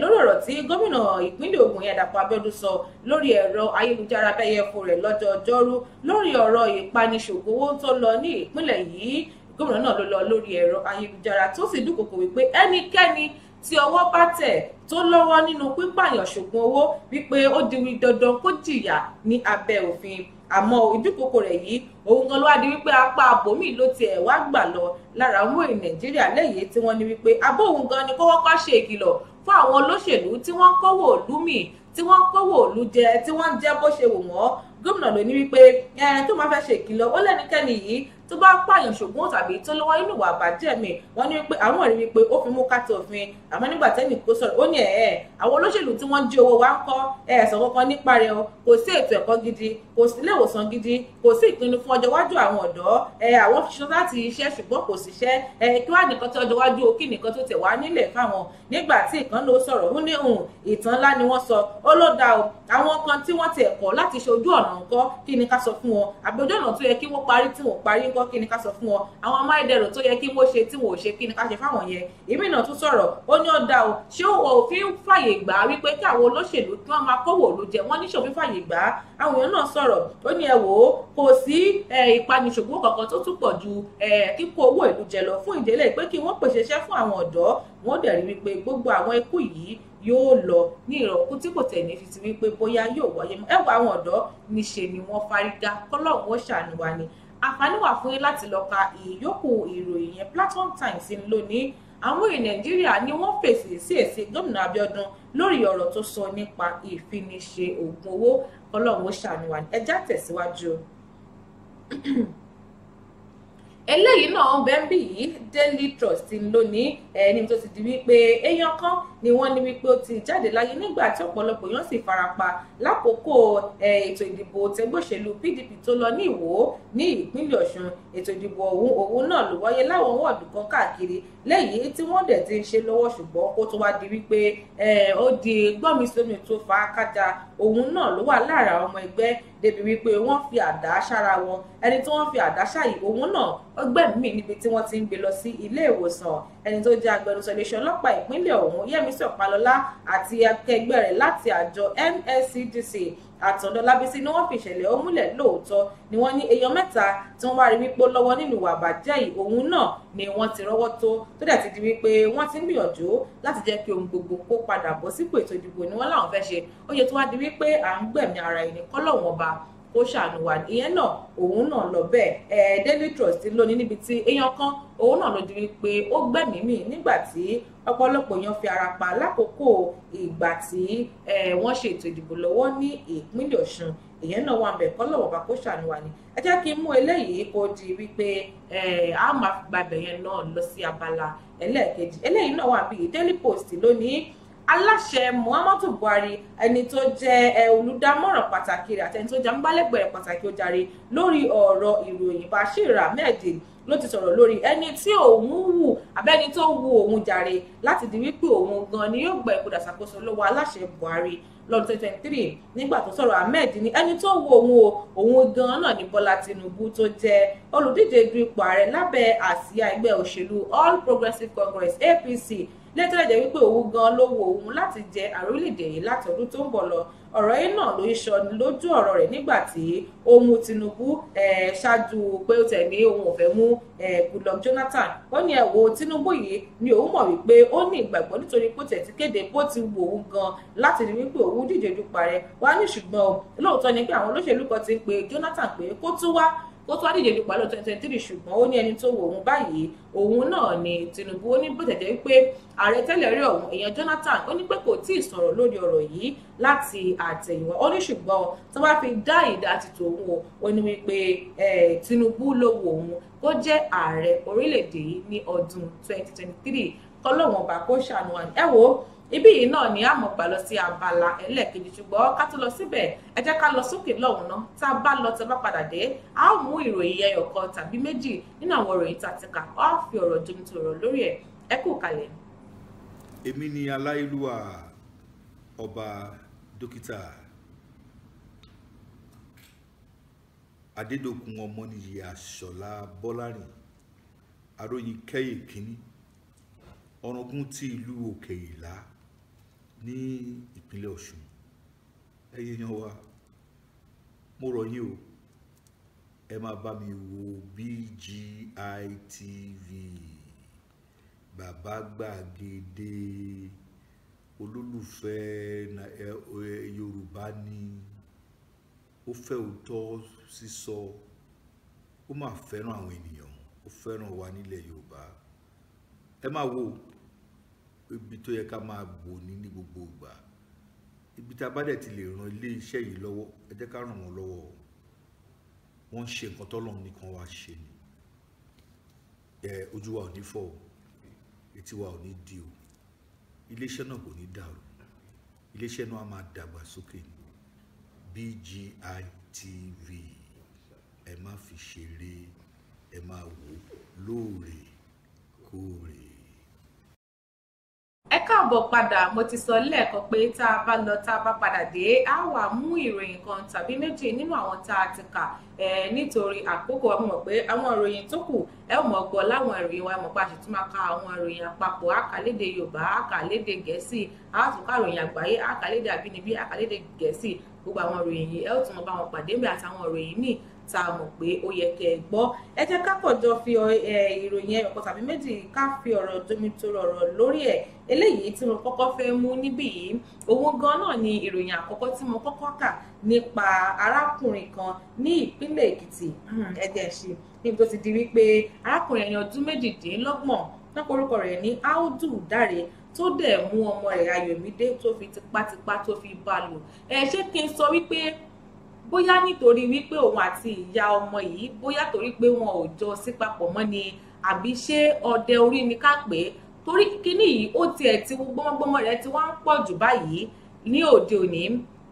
lórí ọ̀rọ̀ tí gómìnà ìpínlẹ̀ Ògùn yẹn Dàpọ̀ Abẹ́ọ́dún sọ lórí ẹ̀rọ ayélujára abẹ́yẹfò rẹ̀ lọ́jọ́ ọjọ́rú lórí ọ̀rọ̀ ìpanisògùn owó tó lọ ní ìpínlẹ̀ yìí gómìnà náà ló lọ lórí ẹ̀rọ ayélujára tó sì dúnkòkò wípé ẹnikẹ́ni tí ọwọ́ bá tẹ̀ tó lọ́wọ́ nínú pípààyàn ṣògùn owó wípé ó di dandan kó jìyà ní abẹ́ òfin àmọ́ ìdúkokò rẹ̀ yìí òun gan ló wá di wípé apá abòmíì ló ti ẹ̀ wá gbà lọ lára àwọn èèyàn nàìjíríà lẹ́yìn tí wọ́n ní wípé abó òun gan ni kó wọ́pá ṣe ìkìlọ̀ fún àwọn olóṣèlú tí wọ́n ń kówó òlú mì tí wọ́n ń kówó òlú jẹ tí wọ́n ń jẹ bó ṣe wù wọ́n gómìnà ló wípé ẹ tó máa fẹ́ ṣe ìkìlọ̀ ó lẹ́nikẹ́ni yìí tó bá pààyàn ṣògbọ́n tàbí tó lọ́wọ́ nínú ìwà àbàjẹ́ mi wọ́n ní wípé àwọn rí wípé ó fi mú kátó òfin àmọ́ nígbà tẹ́nì kó sọ̀rọ̀ ó ní ẹ̀ẹ́ àwọn olóṣèlú tí wọ́n jí owó wa ń kọ́ ẹ̀sán kankan nípa rẹ̀ o kò sí ètò ẹ̀kọ́ gidi kò sí ilé ìwòsàn gidi kò sí ìpinnu fún ọjọ́ iwájú àwọn ọ̀dọ́ àwọn fi ṣiṣan láti iṣẹ́ ṣùgbọ́n kò síṣẹ́ kí wá nìkan tí ọjọ́ iwájú kí nìkan tó tẹ̀ wá nílẹ̀ fáwọn nígbà tí ìkan ló sọ̀rọ̀ ó ní ìtàn ńlá ni wọ́n sọ ó ló dá o àwọn kan tí wọ́n ti ẹ̀kọ́ láti ṣe ojú ọ̀nà ńkọ́ kí ni ká sọ fún wọn àbí ojú ọ̀nà tó yẹ kí wọ́n kọ́ kí ni ká sọ fún wọn àwọn amáyédẹrùn tó yẹ kí wọ́n ṣe tí wọ́n ò ṣe kí ni ká ṣe fáwọn yẹn èmi náà tún sọ̀rọ̀ ó ní ọ̀dà o ṣé òfin fàyè gbà á wípé kí àwọn olóṣèlú kí wọ́n máa kówó òlu jẹ wọ́n ní ṣòfin fàyè gbà á àwọn èèyàn náà sọ̀rọ̀ ó ní ẹ wò ó kò sí ìpaniṣògbó kankan tó tún pọ̀ ju kíkó owó ìlú jẹ lọ fún ìdílé pé kí wọ́n pèsè iṣẹ́ fún àwọn ọ̀dọ́ wọ́n dẹ̀ wípé gbogbo àwọn ikú yìí yóò lọ ní ìrọ̀kú tí kò tẹ̀ fi ti wípé bóyá yóò wáyé ẹ̀wọ̀ àwọn ọ̀dọ́ níṣe ni wọ́n fárígá kọ́lọ́ọ̀wọ́ ṣàánú wa ni àǹfààní wà fún yín láti lọ ka ìyókù ìròyìn yẹn Platform time ń lò ní àwọn èèyàn Nàìjíríà ni wọ́n fèsì sí èsì gómìnà Abíọ́dún lórí ọ̀rọ̀ tó sọ nípa ìfiniṣe oògùn owó Ọlọ́run ó ṣàánú wa ẹjá eléyìí náà bẹ́ńbì yìí Daily Trust ń lò ní ẹni tó ti di wípé èèyàn kan ni wọ́n ní wípé ó ti jáde láyé nígbà tí ọ̀pọ̀lọpọ̀ èèyàn sì farapa lákòókò ètò ìdìbò tẹgbọ́sẹ̀lú PDP tó lọ ní Ìwó ní ìpínlẹ̀ Ọ̀ṣun ètò ìdìbò ọ̀hún òun náà ló wáyé láwọn wọ́ọ̀dù kan káàkiri lẹ́yìn tí wọ́n dẹ̀ ti ń ṣe lọ́wọ́ ṣùgbọ́n ó tó wá di wípé ó di gbọ́mi tó fa kájà òun náà ló wà lára ọmọ ẹgbẹ́ débi wípé wọ́n fi àdá sára wọn ẹni tí wọ́n fi àdá ṣàyí òun náà ó gbẹ̀mí níbi tí wọ́n ti ń gbé lọ sí ilé ìwòsàn ẹni tó jẹ́ agbẹnusọ iléeṣẹ́ ọlọ́pàá ìpínlẹ̀ ọ̀hún yẹ́misí ọ̀pálọ́lá àti akẹgbẹ́ rẹ̀ láti àjọ NSCDC àtàndọ́lábísí ni wọ́n fi ìṣẹ̀lẹ̀ ó múlẹ̀ lóòótọ́ ni wọ́n ní èèyàn mẹ́ta tí wọ́n wá rí wípé lọ́wọ́ nínú ìwà àbàjẹ́ yìí òun náà ni wọ́n ti rọ́wọ́ tó tó dẹ̀ ti di wípé wọ́n ti ń gbìyànjú láti jẹ́ kí ohun gbogbo kó padà bọ́ sípò ètò ìdìbò ni wọ́n láwọn fẹ́ ṣe ó yẹ tó wá di wípé à ń gbẹ̀mí ara ẹni kọ́lọ́wọ́n ọba kó ṣàánú wa ìyẹn náà òun náà lọ bẹ́ẹ̀ ẹ̀ẹ́dẹ́lì trust lónìí níbi tí èèyàn kan òun náà lójú wípé ó gbẹ̀mí mì nígbà tí ọ̀pọ̀lọpọ̀ èèyàn fi ara pa lákòókò ìgbà tí wọ́n ṣe ètò ìdìbò lọ́wọ́ ní ìpínlẹ̀ Ọ̀ṣun èèyàn náà wà bẹ̀ kọ́lọ̀ wọ̀ bá kó ṣàánú wa ni ẹ jẹ́ kí n mú eléyìí kó di wípé a máa fi gba yẹn náà lọ sí abala ẹlẹ́ẹ̀kejì eléyìí náà wà bíi Daily Post lónìí aláṣẹ muhammadu buhari ẹni tó jẹ́ olùdámọ̀ràn pàtàkì rẹ̀ àtẹni tó jẹ́ amúgbálẹ́gbẹ̀ẹ́ pàtàkì ojàre lórí ọ̀rọ̀ ìròyìn bashir ahmed ló ti sọ̀rọ̀ lórí ẹni tí òun wù abẹ́ni tó wù òun jàre láti di wípé òun gan ni yóò gba ìkúdà ṣàkóso lọ́wọ́ aláṣẹ buhari lọ́dún twenty twenty three nígbà tó sọ̀rọ̀ ahmed ní ẹni tó wù òun o òun gan náà ni bọ́lá tinubu tó jẹ́ olùdíje du ipò ààrẹ lábẹ́ àsíá ẹgbẹ́ òṣèlú all progressives congress apc lẹ́tọ́lẹ̀ jẹ́ wípé òun gan ló wo òun láti jẹ àrólèdè yìí láti ọdún tó ń bọ̀ lọ ọ̀rọ̀ yìí náà ló sọ lójú ọ̀rọ̀ rẹ̀ nígbà tí ó mú Tinubu ṣáájú pé ó tẹ̀ ní òun mú Goodluck Jonathan ó ní ẹ̀wọ̀ Tinubu yìí ni òun mọ̀ wípé ó ní ìgbàgbọ́ nítorí pé tẹ̀ ti kéde bó ti wù òun gan láti rí wípé òun díje dupò ààrẹ wá ní ṣùgbọ́n lóòótọ́ ni pé àwọn olóṣèlú kan ti pe Jonathan pé kó tún wá ó tún wá díje dupò àlọ́ twenty twenty three ṣùgbọ́n ó ní ẹni tó wò òun báyìí òun náà ni Tinubu ó ní bó tẹ̀jẹ́ wípé ààrẹ tẹ́lẹ̀ rí ọ̀hún èèyàn Jonathan ó ní pé kò tí ì sọ̀rọ̀ lórí ọ̀rọ̀ yìí láti àtẹ̀yìnwá ó ní ṣùgbọ́n tó bá fi dá ìdá ti tòun o ó ní wípé Tinubu ló wò òun kó jẹ́ ààrẹ orílẹ̀-èdè yìí ní ọdún twenty twenty three kọ́lọ́wọ́n bá kó ṣàánú ẹ wo ibí yìí náà ni a mọ̀ gbà lọ sí abala ẹlẹ́ẹ̀kejì ṣùgbọ́n ká tó lọ síbẹ̀ ẹ jẹ́ ká lọ sókè lọ́hùn ná tá a bá lọ tá a bá padà dé a ó mú ìròyìn ẹyọ kan tàbí méjì nínú àwọn ìròyìn tá a ti kà á fi ọ̀rọ̀ jomitoro lórí ẹ̀ ẹ kú kalẹ̀. èmi ni aláìlúwà ọba dókítà adédọ̀kun ọmọnìyí àṣọlá bọ́lárìn aróyin kẹ́yìn kínní ọ̀rọ̀gún ti ìlú òkè Okay, ní ìpínlẹ̀ Ọ̀ṣun ẹ̀yin èèyàn wa mo rọ̀ yín o ẹ máa bá mi wo BGI TV bàbá gbàgede olólùfẹ́ Yorùbá ni ó fẹ́ òótọ́ sísọ ó máa fẹ́ràn àwọn ènìyàn ó fẹ́ràn wa nílẹ̀ Yorùbá ẹ máa wo o ibi tó yẹ ká máa bò ní ní gbogbo ìgbà ibi tá a bá dẹ̀ ti lè ran ilé iṣẹ́ yìí lọ́wọ́ ẹ jẹ́ ká ràn wọ́n lọ́wọ́ wọ́n ń ṣe nǹkan tọ́lọ́run nìkan wá ṣe ni ẹ ojú wa ò ní fọ́ o etí wa ò ní di o iléeṣẹ́ náà kò ní dàrú iléeṣẹ́ náà á máa dàgbà sókè BGI TV ẹ má fi ṣeré ẹ máa wò lóòrèkóòrè káàbọ̀ padà mo ti sọ lẹ́ẹ̀kan pé tá a bá lọ tá a bá padà dé á wà mú ìròyìn kan tàbí méjì nínú àwọn tá a ti kà ẹ nítorí àkókò wa mọ̀ pé àwọn ìròyìn tó kù ẹ mọ̀ gbọ́ láwọn ìròyìn wa mọ̀ pa àṣì tún máa ka àwọn ìròyìn àpapọ̀ àkàlédè Yorùbá àkàlédè Gẹ̀ẹ́sì àtúnkà ìròyìn àgbáyé àkàlédè àbínibí àkàlédè Gẹ̀ẹ́sì gbogbo àwọn ìròyìn yìí ẹ ó tún mọ tá a mọ̀ pé ó yẹ kẹ́ ẹ gbọ́ ẹ jẹ́ ká kàn jọ fi ìròyìn ẹyọ̀kan tàbí méjì ká fi ọ̀rọ̀ domitoro ọ̀rọ̀ lórí ẹ̀ eléyìí tí mo kọ́kọ́ fẹ́ mú níbí yìí òun gan náà ni ìròyìn àkọ́kọ́ tí mo kọ́kọ́ kà nípa arákùnrin kan ní ìpínlẹ̀ Èkìtì hmm, ẹ̀jẹ̀ ṣe níbi tó ti di wípé arákùnrin ẹni ọdún méjìdínlọ́gbọ̀n náà orúkọ rẹ̀ ní Audu Dare tó dẹ̀ mú ọmọ rẹ̀ Ayọ̀mídé tó fi tipátipá tó fi bá lò ẹ̀ ṣé kí n sọ wípé bóyá nítorí wípé òun àti ìyá ọmọ yìí bóyá torí pé wọn ò jọ sí papọ̀ mọ́ ni àbí ṣé ọdẹ orí ni ká pè é torí kíní yìí ó tiẹ̀ ti gbọ́mọgbọ́mọ rẹ̀ ti wá ń pọ̀ jù báyìí ní òde òní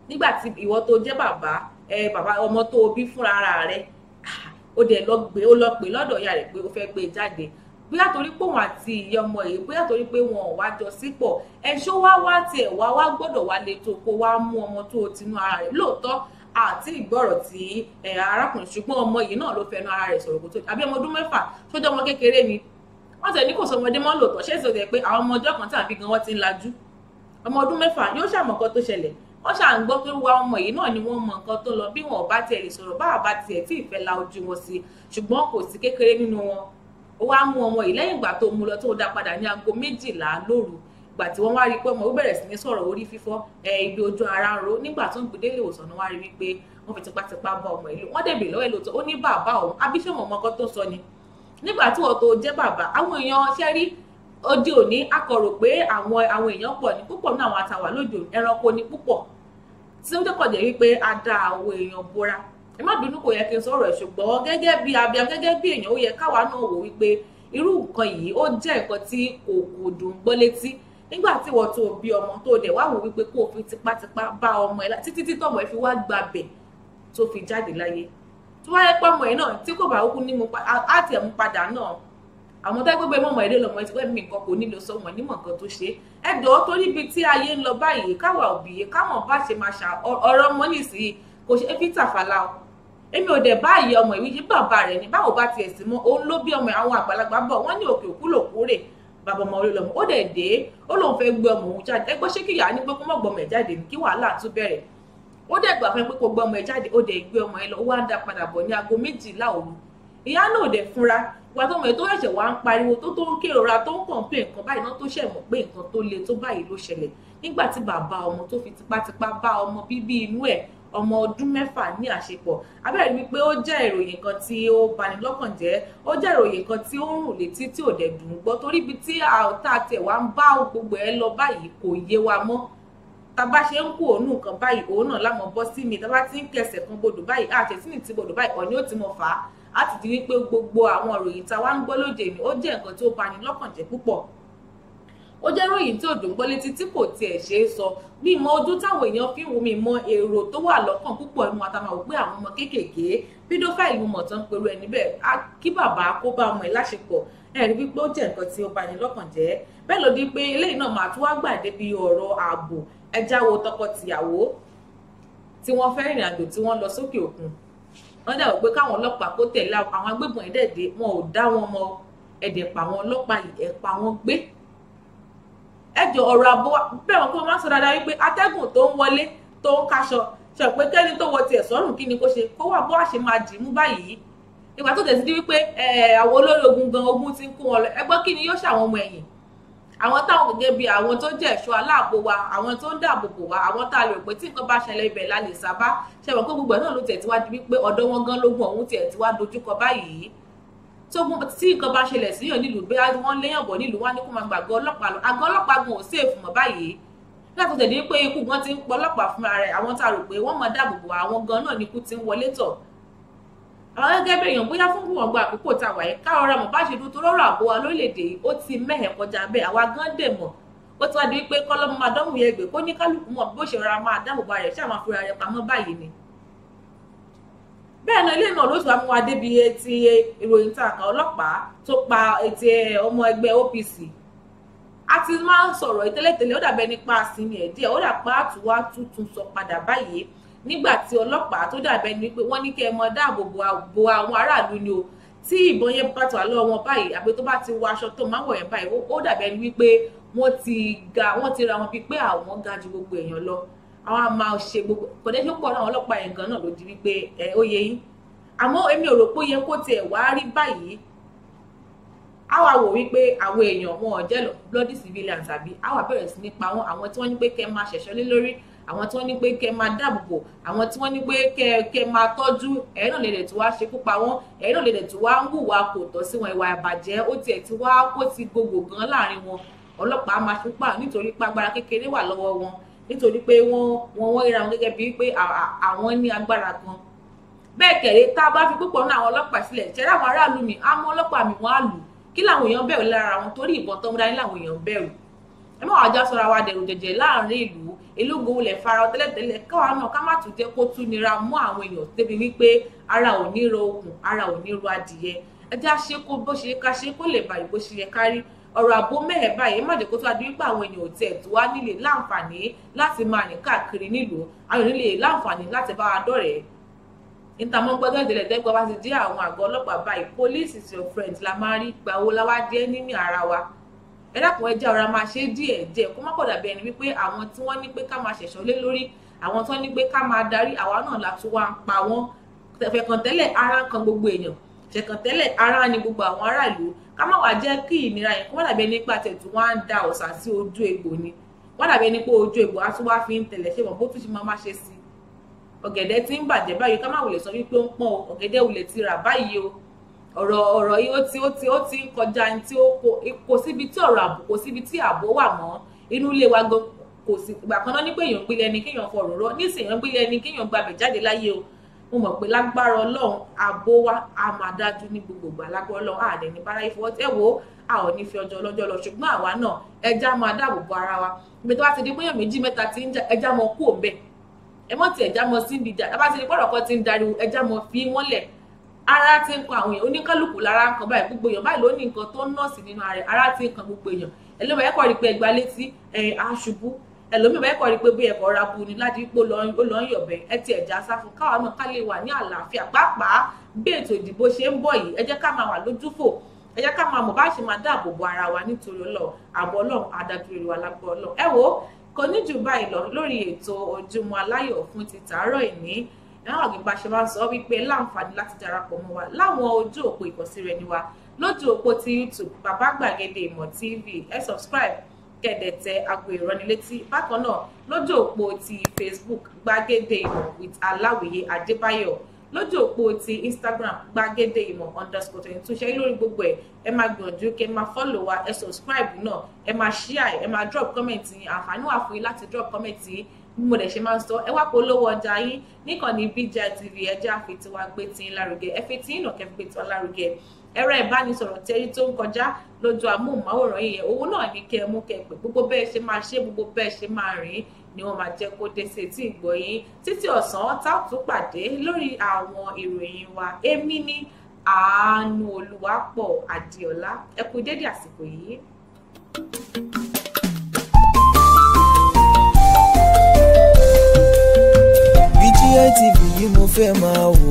nígbà tí ìwọ tó jẹ́ bàbá ẹ bàbá ọmọ tó o bí fúnra rẹ̀ ó dẹ̀ lọ gbé ó lọ pè lọ́dọ̀ ìyá rẹ̀ pé ó fẹ́ gbé e jáde bóyá torí pé òun àti ìyá ọmọ yìí bóyá torí pé wọn ò wá jọ sípọ̀ ẹ̀ṣọ́ wá wá tiẹ̀ wá wá gbọ́dọ̀ wá le tó kó wá mú ọmọ tó o tinú ara rẹ̀ lóòótọ́ àti ìgbọ́rọ̀ tí arákùnrin ṣùgbọ́n ọmọ yìí náà ló fẹnu ara rẹ̀ sọ̀rọ̀ kó tó àbí ọmọ ọdún mẹ́fà tó jẹ́ ọmọ kékeré ni wọ́n tẹ̀ ní kò sọmọdé mọ́ lòótọ́ ṣé èso tẹ̀ pé àwọn ọmọ ọjọ́ kan tàbí gan wọ́n ti ń lajú ọmọ ọdún mẹ́fà yóò ṣàmọ̀kọ́ tó ṣẹlẹ̀ wọ́n ṣà ń gbọ́ pé wá ọmọ yìí náà ni wọ́n mọ nǹkan tó lọ bí wọn ò bá tiẹ̀ lè sọ̀rọ̀ báwa bá tiẹ̀ tí ìfẹ́ la ojú wọn sí ṣùgbọ́n kò sí kékeré nínú wọn ó wá mú ọmọ yìí lẹ́yìn ìgbà tó mú lọ tó dá padà ní aago méjìlá lóru gbà tí wọ́n wá rí i pé ọmọ ó bẹ̀rẹ̀ sí ní sọ̀rọ̀ orí fífọ́ ẹ ibi ojú ara ń ro nígbà tó ń gbé délé ìwòsàn ni wọ́n rí wípé wọ́n fi tipátipá bá ọmọ ìlú wọ́n dẹ̀bẹ̀ lọ́wọ́ ìlú tó ó ní bàbá òun abíṣẹ́mọ̀ ọmọ kan tó sọ ni nígbà tí wọ́n tó jẹ́ bàbá àwọn èèyàn ṣẹ́ rí òde òní akọ̀rò pé àwọn àwọn èèyàn pọ̀ ní púpọ̀ ní àwọn àtàwà lóde òní ẹranko ní púpọ̀ tí ó dẹ́kọ̀ jẹ́ wípé a dá àwọn èèyàn bora ẹ má bínú kò yẹ kí n sọ̀rọ̀ ẹ̀ ṣùgbọ́n gẹ́gẹ́ bí abiyam gẹ́gẹ́ bí èèyàn ó yẹ káwa náà wò wípé irú nǹkan yìí ó jẹ́ nǹkan tí kò kò dùn gbọ́ létí nígbà tí wọ́n tó bí ọmọ tó dẹ̀ wá wò wípé kó o fi tipátipá bá ọmọ ẹ títí tí tọmọ ẹ fi wá gbàbẹ̀ tó fi jáde láyé tó wáyé pọ́mọ ẹ náà tí kò bá kú ní mu á tiẹ̀ mú padà náà àwọn tó gbé mọ́mọ́ ẹ dé lọ́mọ ẹ ti wẹ́ẹ̀mí nǹkan kò nílò sọ́mọ nímọ̀ nǹkan tó ṣe ẹ dọ̀ọ́ tó níbi tí ayé ń lọ báyìí káwa òbí káwọn bá ṣe máa ṣà ọ̀rọ̀ ọmọ nìsín kò ṣe é fi tàfàlà o èmi ò dẹ̀ báyìí ọmọ ìwé yìí bàbá rẹ̀ ni báwo bá tiẹ̀ sí mọ́ òun ló bí ọmọ àwọn àgbàlagbà bọ̀ wọ́n ní òkè bàbá ọmọ orí ó dẹ̀ dé ó lóun fẹ́ gbé ọmọ òun jáde ẹgbọ́n ṣé kíyà ní pé kó mọ̀ jáde kí wàhálà tún bẹ̀rẹ̀ ó dẹ̀ gbà fún pé kó gbọmọ ẹ̀ jáde ó dẹ̀ gbé ọmọ ẹ̀ lọ ó wá ń dá padà bọ̀ ní aago méjìlá òru ìyá náà dẹ̀ fúnra ìgbà tó mọ̀ ẹ̀ tó ẹ̀ṣẹ̀ wá ń pariwo tó tó ń kérora tó ń kọ̀ǹpé nǹkan báyìí náà tó ṣẹ̀ mọ̀ pé nǹkan tó le tó báyìí ló ṣẹlẹ̀ nígbà tí bàbá ọmọ tó fi tipátipá bá ọmọ bíbí inú ẹ̀ ọmọ ọdún mẹ́fà ní àṣepọ̀ abẹ́rẹ́ wípé ó jẹ́ ìròyìn kan tí ó bani lọ́kàn jẹ́ ó jẹ́ ìròyìn kan tí ó ń rùn létí tí ò dẹ̀ dùn ún gbọ́ torí ibi tí àọ̀tá tẹ̀ wá ń bá gbogbo ẹ lọ báyìí kò yé wa mọ́ tàbá ṣe ń kú òun nǹkan báyìí òun náà lámọ bọ́ sí mi tàbá ti ń kẹsẹ̀ kan bodò báyìí àtẹ̀sí ní ti bodò báyìí ọ̀ni ó ti mọ̀ fà á á di wípé gbogbo àwọn ìròyìn tá wá ń gbọ́ lóde ni ó jẹ́ nǹkan tí ó bani lọ́kàn jẹ́ púpọ̀ ó jẹ́ ròyìn tí ò dùn gbọ́ létí tí kò tiẹ̀ ṣe é sọ mi mọ ojú táwọn èèyàn fi ń wo mi mọ èrò tó wà lọ́kàn púpọ̀ ẹnu àtàwọn pé àwọn ọmọ kéékèèké pídófáìlì mo mọ̀ tán pẹ̀lú ẹni bẹ́ẹ̀ kí bàbá kó bá ọmọ ẹ̀ láṣepọ̀ ẹ̀rí wípé ó jẹ́ nǹkan tí ó bani lọ́kàn jẹ́ bẹ́ẹ̀ ló di pé eléyìí náà máa tún wá gbà débi ọ̀rọ̀ ààbò ẹja wo tọkọ tí wọ́n fẹ́ rìnrìn àjò tí wọ́n lọ sókè òkun wọ́n dàbọ̀ pé káwọn ọlọ́pàá kó tẹ̀lé àwọn agbébọn ẹ̀dẹ̀ẹ̀dẹ̀ wọn ò dá wọn mọ ẹ̀dẹ̀ pa ọlọ́pàá ẹ̀pà wọn gbé ẹjọ ọ̀rọ̀ àbọ bẹ́ẹ̀ wọn kí wọn máa ń sọ dáadáa wípé atẹ́gùn tó ń wọlé tó ń kaṣọ ṣe pé kẹ́ni tó wọ tiẹ̀ sọ́rùn kí ni kó ṣe kó wà bó àṣẹ máa dì í mú báyìí ìgbà tó tẹ̀sí di wípé àwọn olórí ogun gan ogun ti ń kó wọn lọ ẹgbọ́n kí ni yóò ṣe àwọn ọmọ ẹ̀yìn àwọn táwọn gẹ́gẹ́ bíi àwọn tó jẹ́ ẹ̀ṣọ́ aláàbò wa àwọn tó ń dáàbò bò wá àwọn tá a lè pé tí nǹkan bá ṣẹlẹ̀ ibẹ̀ la lè sábà ṣe mọ̀ pé gbogbo ẹ̀ náà ló tiẹ̀ ti wá di wípé ọ̀dọ́ wọn gan lógun ọ̀hún tiẹ̀ ti wá dojúkọ báyìí tó gbọ́n tí nǹkan bá ṣẹlẹ̀ síyàn nílùú bí wọ́n léyàn bọ̀ nílùú wọn ní kó máa gbàgbọ́ ọlọ́pàá lọ àgọ́ ọlọ́pàá gan ò séèfù mọ́ báyìí látọ̀ tẹ̀lé pé ikú gan ti ń pọ̀ ọlọ́pàá fúnra rẹ̀ àwọn tá a rò pé wọ́n máa dáàbòbò àwọn gan náà ni ikú ti ń wọlé tọ̀ àwọn gẹ́gẹ́ bí èèyàn bóyá fún wọn gba àkókò tá a wà yìí káwọn ra mọ̀ bá ṣe dúró tó rọrọ̀ àbò wa lórílẹ̀‐èdè yìí ó ti mẹ́hẹ̀ kọjá bẹ́ẹ̀ àwa gan dè mọ̀ ó ti wá di wípé kọ́lọ́mù máa dánwò yẹn gbé kó ní kálukú mọ̀ bó ṣe rọra máa dáàbòbò ara rẹ̀ ṣáà máa fura rẹ̀ bẹ́ẹ̀ náà ilé náà ló ti wá mú wa débi ti ìròyìn tààkà ọlọ́pàá tó pa etí ọmọ ẹgbẹ́ OPC a ti máa ń sọ̀rọ̀ tẹ́lẹ̀tẹ́lẹ̀ ó dàbẹ́ nípa àsinmi ẹ̀ díẹ̀ ó dàpá àtúwá tuntun sọ padà báyìí nígbà tí ọlọ́pàá tó dàbẹ́ ni pé wọ́n ní kẹ́ ẹ mọ dáàbò bo àwọn aráàlú ni o tí ìbọn yẹn bá ti wà lọ́wọ́ wọn báyìí àbí tó bá ti wọ aṣọ tó máa wọ̀ yẹn báyìí ó dàbẹ́ ni wípé wọ́n ti ra wọn bíi pé àwọn ga ju gbogbo èèyàn lọ àwọn a máa ṣe gbogbo kò dé ṣe pọ̀ náà ọlọ́pàá yẹn gan náà ló di wípé ẹ ó yẹ yín àmọ́ èmi ò rò pé ó yẹ kó tiẹ̀ wá rí báyìí àwa wò wípé àwọn èèyàn wọn ò jẹ́ lọ bloody civilians àbí àwa bẹ̀rẹ̀ sí ní pa wọn àwọn tí wọ́n ní pé kẹ́ máa ṣẹ̀ṣọ́ lé lórí àwọn tí wọ́n ní pé kẹ́ máa dáàbòbò àwọn tí wọ́n ní pé kẹ́ kẹ́ máa tọ́jú ẹ̀yin náà lè dẹ̀ tí wá ṣekú pa wọ́n ẹ̀yin náà lè dẹ̀ tí wá ń hùwà kò tọ́ sí wọn ìwà ìbàjẹ́ ó tiẹ̀ ti wá kó ti gbogbo gan láàrin wọn ọlọ́pàá máa ṣe pààrọ̀ nítorí pé agbára kékeré wà lọ́wọ́ wọn nítorí pé wọ́n wọ́n wọ́n ríra wọn gẹ́gẹ́ bíi pé àwọn ní agbára gan bẹ́ẹ̀ kẹ̀rẹ́ tá a bá fi púpọ̀ náà àwọn ọlọ́pàá sílẹ̀ ṣẹ́rẹ́ àwọn aráàlú mi á mú ọlọ́pàá mi wọ́n á lù kí làwọn èèyàn bẹ̀rù lára wọn torí ìbọn tó ń dání làwọn èèyàn bẹ̀rù ẹ má wàá já sọra wa dẹ̀rù jẹ̀jẹ̀ láàrin ìlú elógo olè fara tẹ́lẹ̀tẹ́lẹ̀ káwa náà ká má tún jẹ́ kó tún nira mọ́ àwọn èèyàn débi wípé ara ò ní ro okùn ara ò ní ro adìyẹ ẹ já ṣe kó bó ṣe ká ṣe kó lè bàyí bó ṣe yẹ ká rí ọ̀rọ̀ àbò mẹ́hẹ̀ báyìí má jẹ́ kó tó adúlé pé àwọn èèyàn ò tiẹ̀ tó wá nílé láǹfààní láti máa rìn káàkiri nílùú àwọn nílé láǹfààní láti bá wa dọ̀rẹ́ ìtàmọ́ gbọ́dọ̀ ìdílé tẹ́gbọ́ bá ti dé àwọn àgọ́ ọlọ́pàá báyìí police is your friend la máa rí ìgbà wo láwá jẹ́ nínú ara wa ẹ dákun ẹja ọ̀rọ̀ a máa ṣe díẹ̀ díẹ̀ kó má pọ̀ dàbí ẹni wípé àwọn tí wọ́n ní pé ká jẹ̀kàntẹ́lẹ̀ ara ni gbogbo àwọn aráàlú ká má wàá jẹ́ kí ìnira yẹn kó má dàbí ẹni pa tẹ̀tù wá ń da ọ̀sà sí ojú egbò ni wọ́n dàbí ẹni pé ojú egbò á tún wá fi ń tẹ̀lẹ̀ ṣé wọ́n bó tún ṣe máa má ṣe sí i ọ̀gẹ̀dẹ̀ ti ń bàjẹ́ báyìí ká má wulẹ̀ sọ wípé ó ń pọ́n o ọ̀gẹ̀dẹ̀ wulẹ̀ ti rà báyìí o ọ̀rọ̀ ọ̀rọ̀ yìí ó ti ó ti ó ti ń kọjá ní tí ó kò síbi tí ọ̀rọ̀ àbò mo mọ̀ pé lágbára ọlọ́run ààbò wa a máa dájú ní gbogbo ìgbà lágbára ọlọ́run a dẹ̀ ní bára ìfọwọ́ tẹ́ wo a ò ní fi ọjọ́ ọlọ́jọ́ lọ ṣùgbọ́n àwa náà ẹja máa dáàbò bo ara wa ibi tó bá ti di bóyá méjì mẹ́ta ti ń jà ẹja mọ kú òun bẹ́ẹ̀ ẹ mọ̀ tí ẹja mọ sí ibi ìjà tábà ti di pọ̀rọ̀ kan ti ń dariwo ẹja mọ fi wọ́n lẹ̀ ara ti ń kan àwọn èèyàn oníkálukú lára ń kan báyìí gbogbo èèyàn báyìí ló nǹkan tó ń nọ́ọ̀sì nínú ara ti ń kan gbogbo èèyàn ẹlẹ́wọ̀n ẹ̀kọ́ rí pé ẹgbàá létí ẹ̀ aṣubú ẹlòmíì bẹ́ẹ̀ kọ́ rí pé bí ẹ̀kọ́ ra bu ni láti pò lọ́yìn ọ̀bẹ ẹ ti ẹ̀já sáfún káwa náà ká lè wà ní àlàáfíà pàápàá bí ètò ìdìbò ṣe ń bọ̀ yìí ẹ jẹ́ ká máa wà lójúfò ẹ jẹ́ ká máa mọ̀ bá ṣe máa dáàbò bo ara wa nítorí ọlọ́run àbọ̀ ọlọ́run adájọ́ ìlú alágbó ọlọ́run ẹ wo kò ní jù báyìí lọ lórí ètò ojúmọ́ aláyọ̀ fún ti tàárọ̀ ìní náà ní bá ṣe máa ń sọ wípé láǹfààní láti darapọ̀ mọ́ wa láwọn ojú òpó ìkànsí rẹ̀ ni wa lójú òpó ti YouTube bàbá gbàgede ìmọ̀ TV ẹ subscribe kẹ̀dẹ̀tẹ̀ àpò ìránnilétí bákan náà lójú òpó ti Facebook gbàgede ìmọ̀ with aláwìyé adébáyọ̀ lójú òpó ti Instagram gbàgede ìmọ̀ underscore twenty two ṣe lórí gbogbo ẹ̀ ẹ máa gbìyànjú kí ẹ máa fọ́lọ̀ wa ẹ subscribe náà ẹ máa share ẹ máa drop comment yín àǹfààní wà fún yín láti drop comment yín bí mo dẹ̀ ṣe máa ń sọ ẹ wá polówó ọjà yín níkànnì BGI TV ẹ jẹ́ àfi tiwa gbé tí ń lárugẹ ẹ fi tí ń nà kẹ́ fi gbé tiwa lárugẹ ẹ̀rọ ìbánisọ̀rọ̀ tẹ́rí tó ń kọjá lójú amóhùnmáwòrán yìí owó náà ní kẹ́ ẹ mú kẹ́ ẹ pè gbogbo bẹ́ẹ̀ ṣe máa ṣe gbogbo bẹ́ẹ̀ ṣe máa rìn ni wọ́n máa jẹ́ kó dé sétí ìgbọ̀yìn títí ọ̀sán tá a tún pàdé lórí àwọn ìròyìn wa èmi ní àánú olùwàpọ̀ àdìọ́lá ẹ kú dédé àsìkò yìí. BGI TV yìí mo fẹ́ máa wò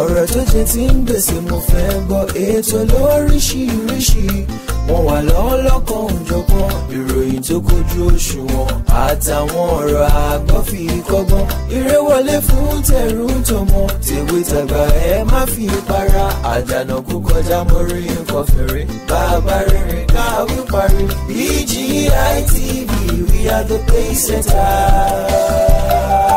ọ̀rọ̀ tó jẹ ti ń gbèsè mo fẹ́ gbọ́ ètò lóríṣiríṣi wọ́n wà lọ́wọ́ lọ́kàn òjọ̀kan ìròyìn tó kojú òṣùwọ̀n àtàwọn ọ̀rọ̀ àgbọ́ fi kọ́gbọ́n eré wọlé fún tẹ̀rù tọmọ tèwe tàgbà ẹ má fi para àjànà kú kọjá mọ́rí nǹkan fèrè bàbá rere káwí parí BGI TV we are the pace setters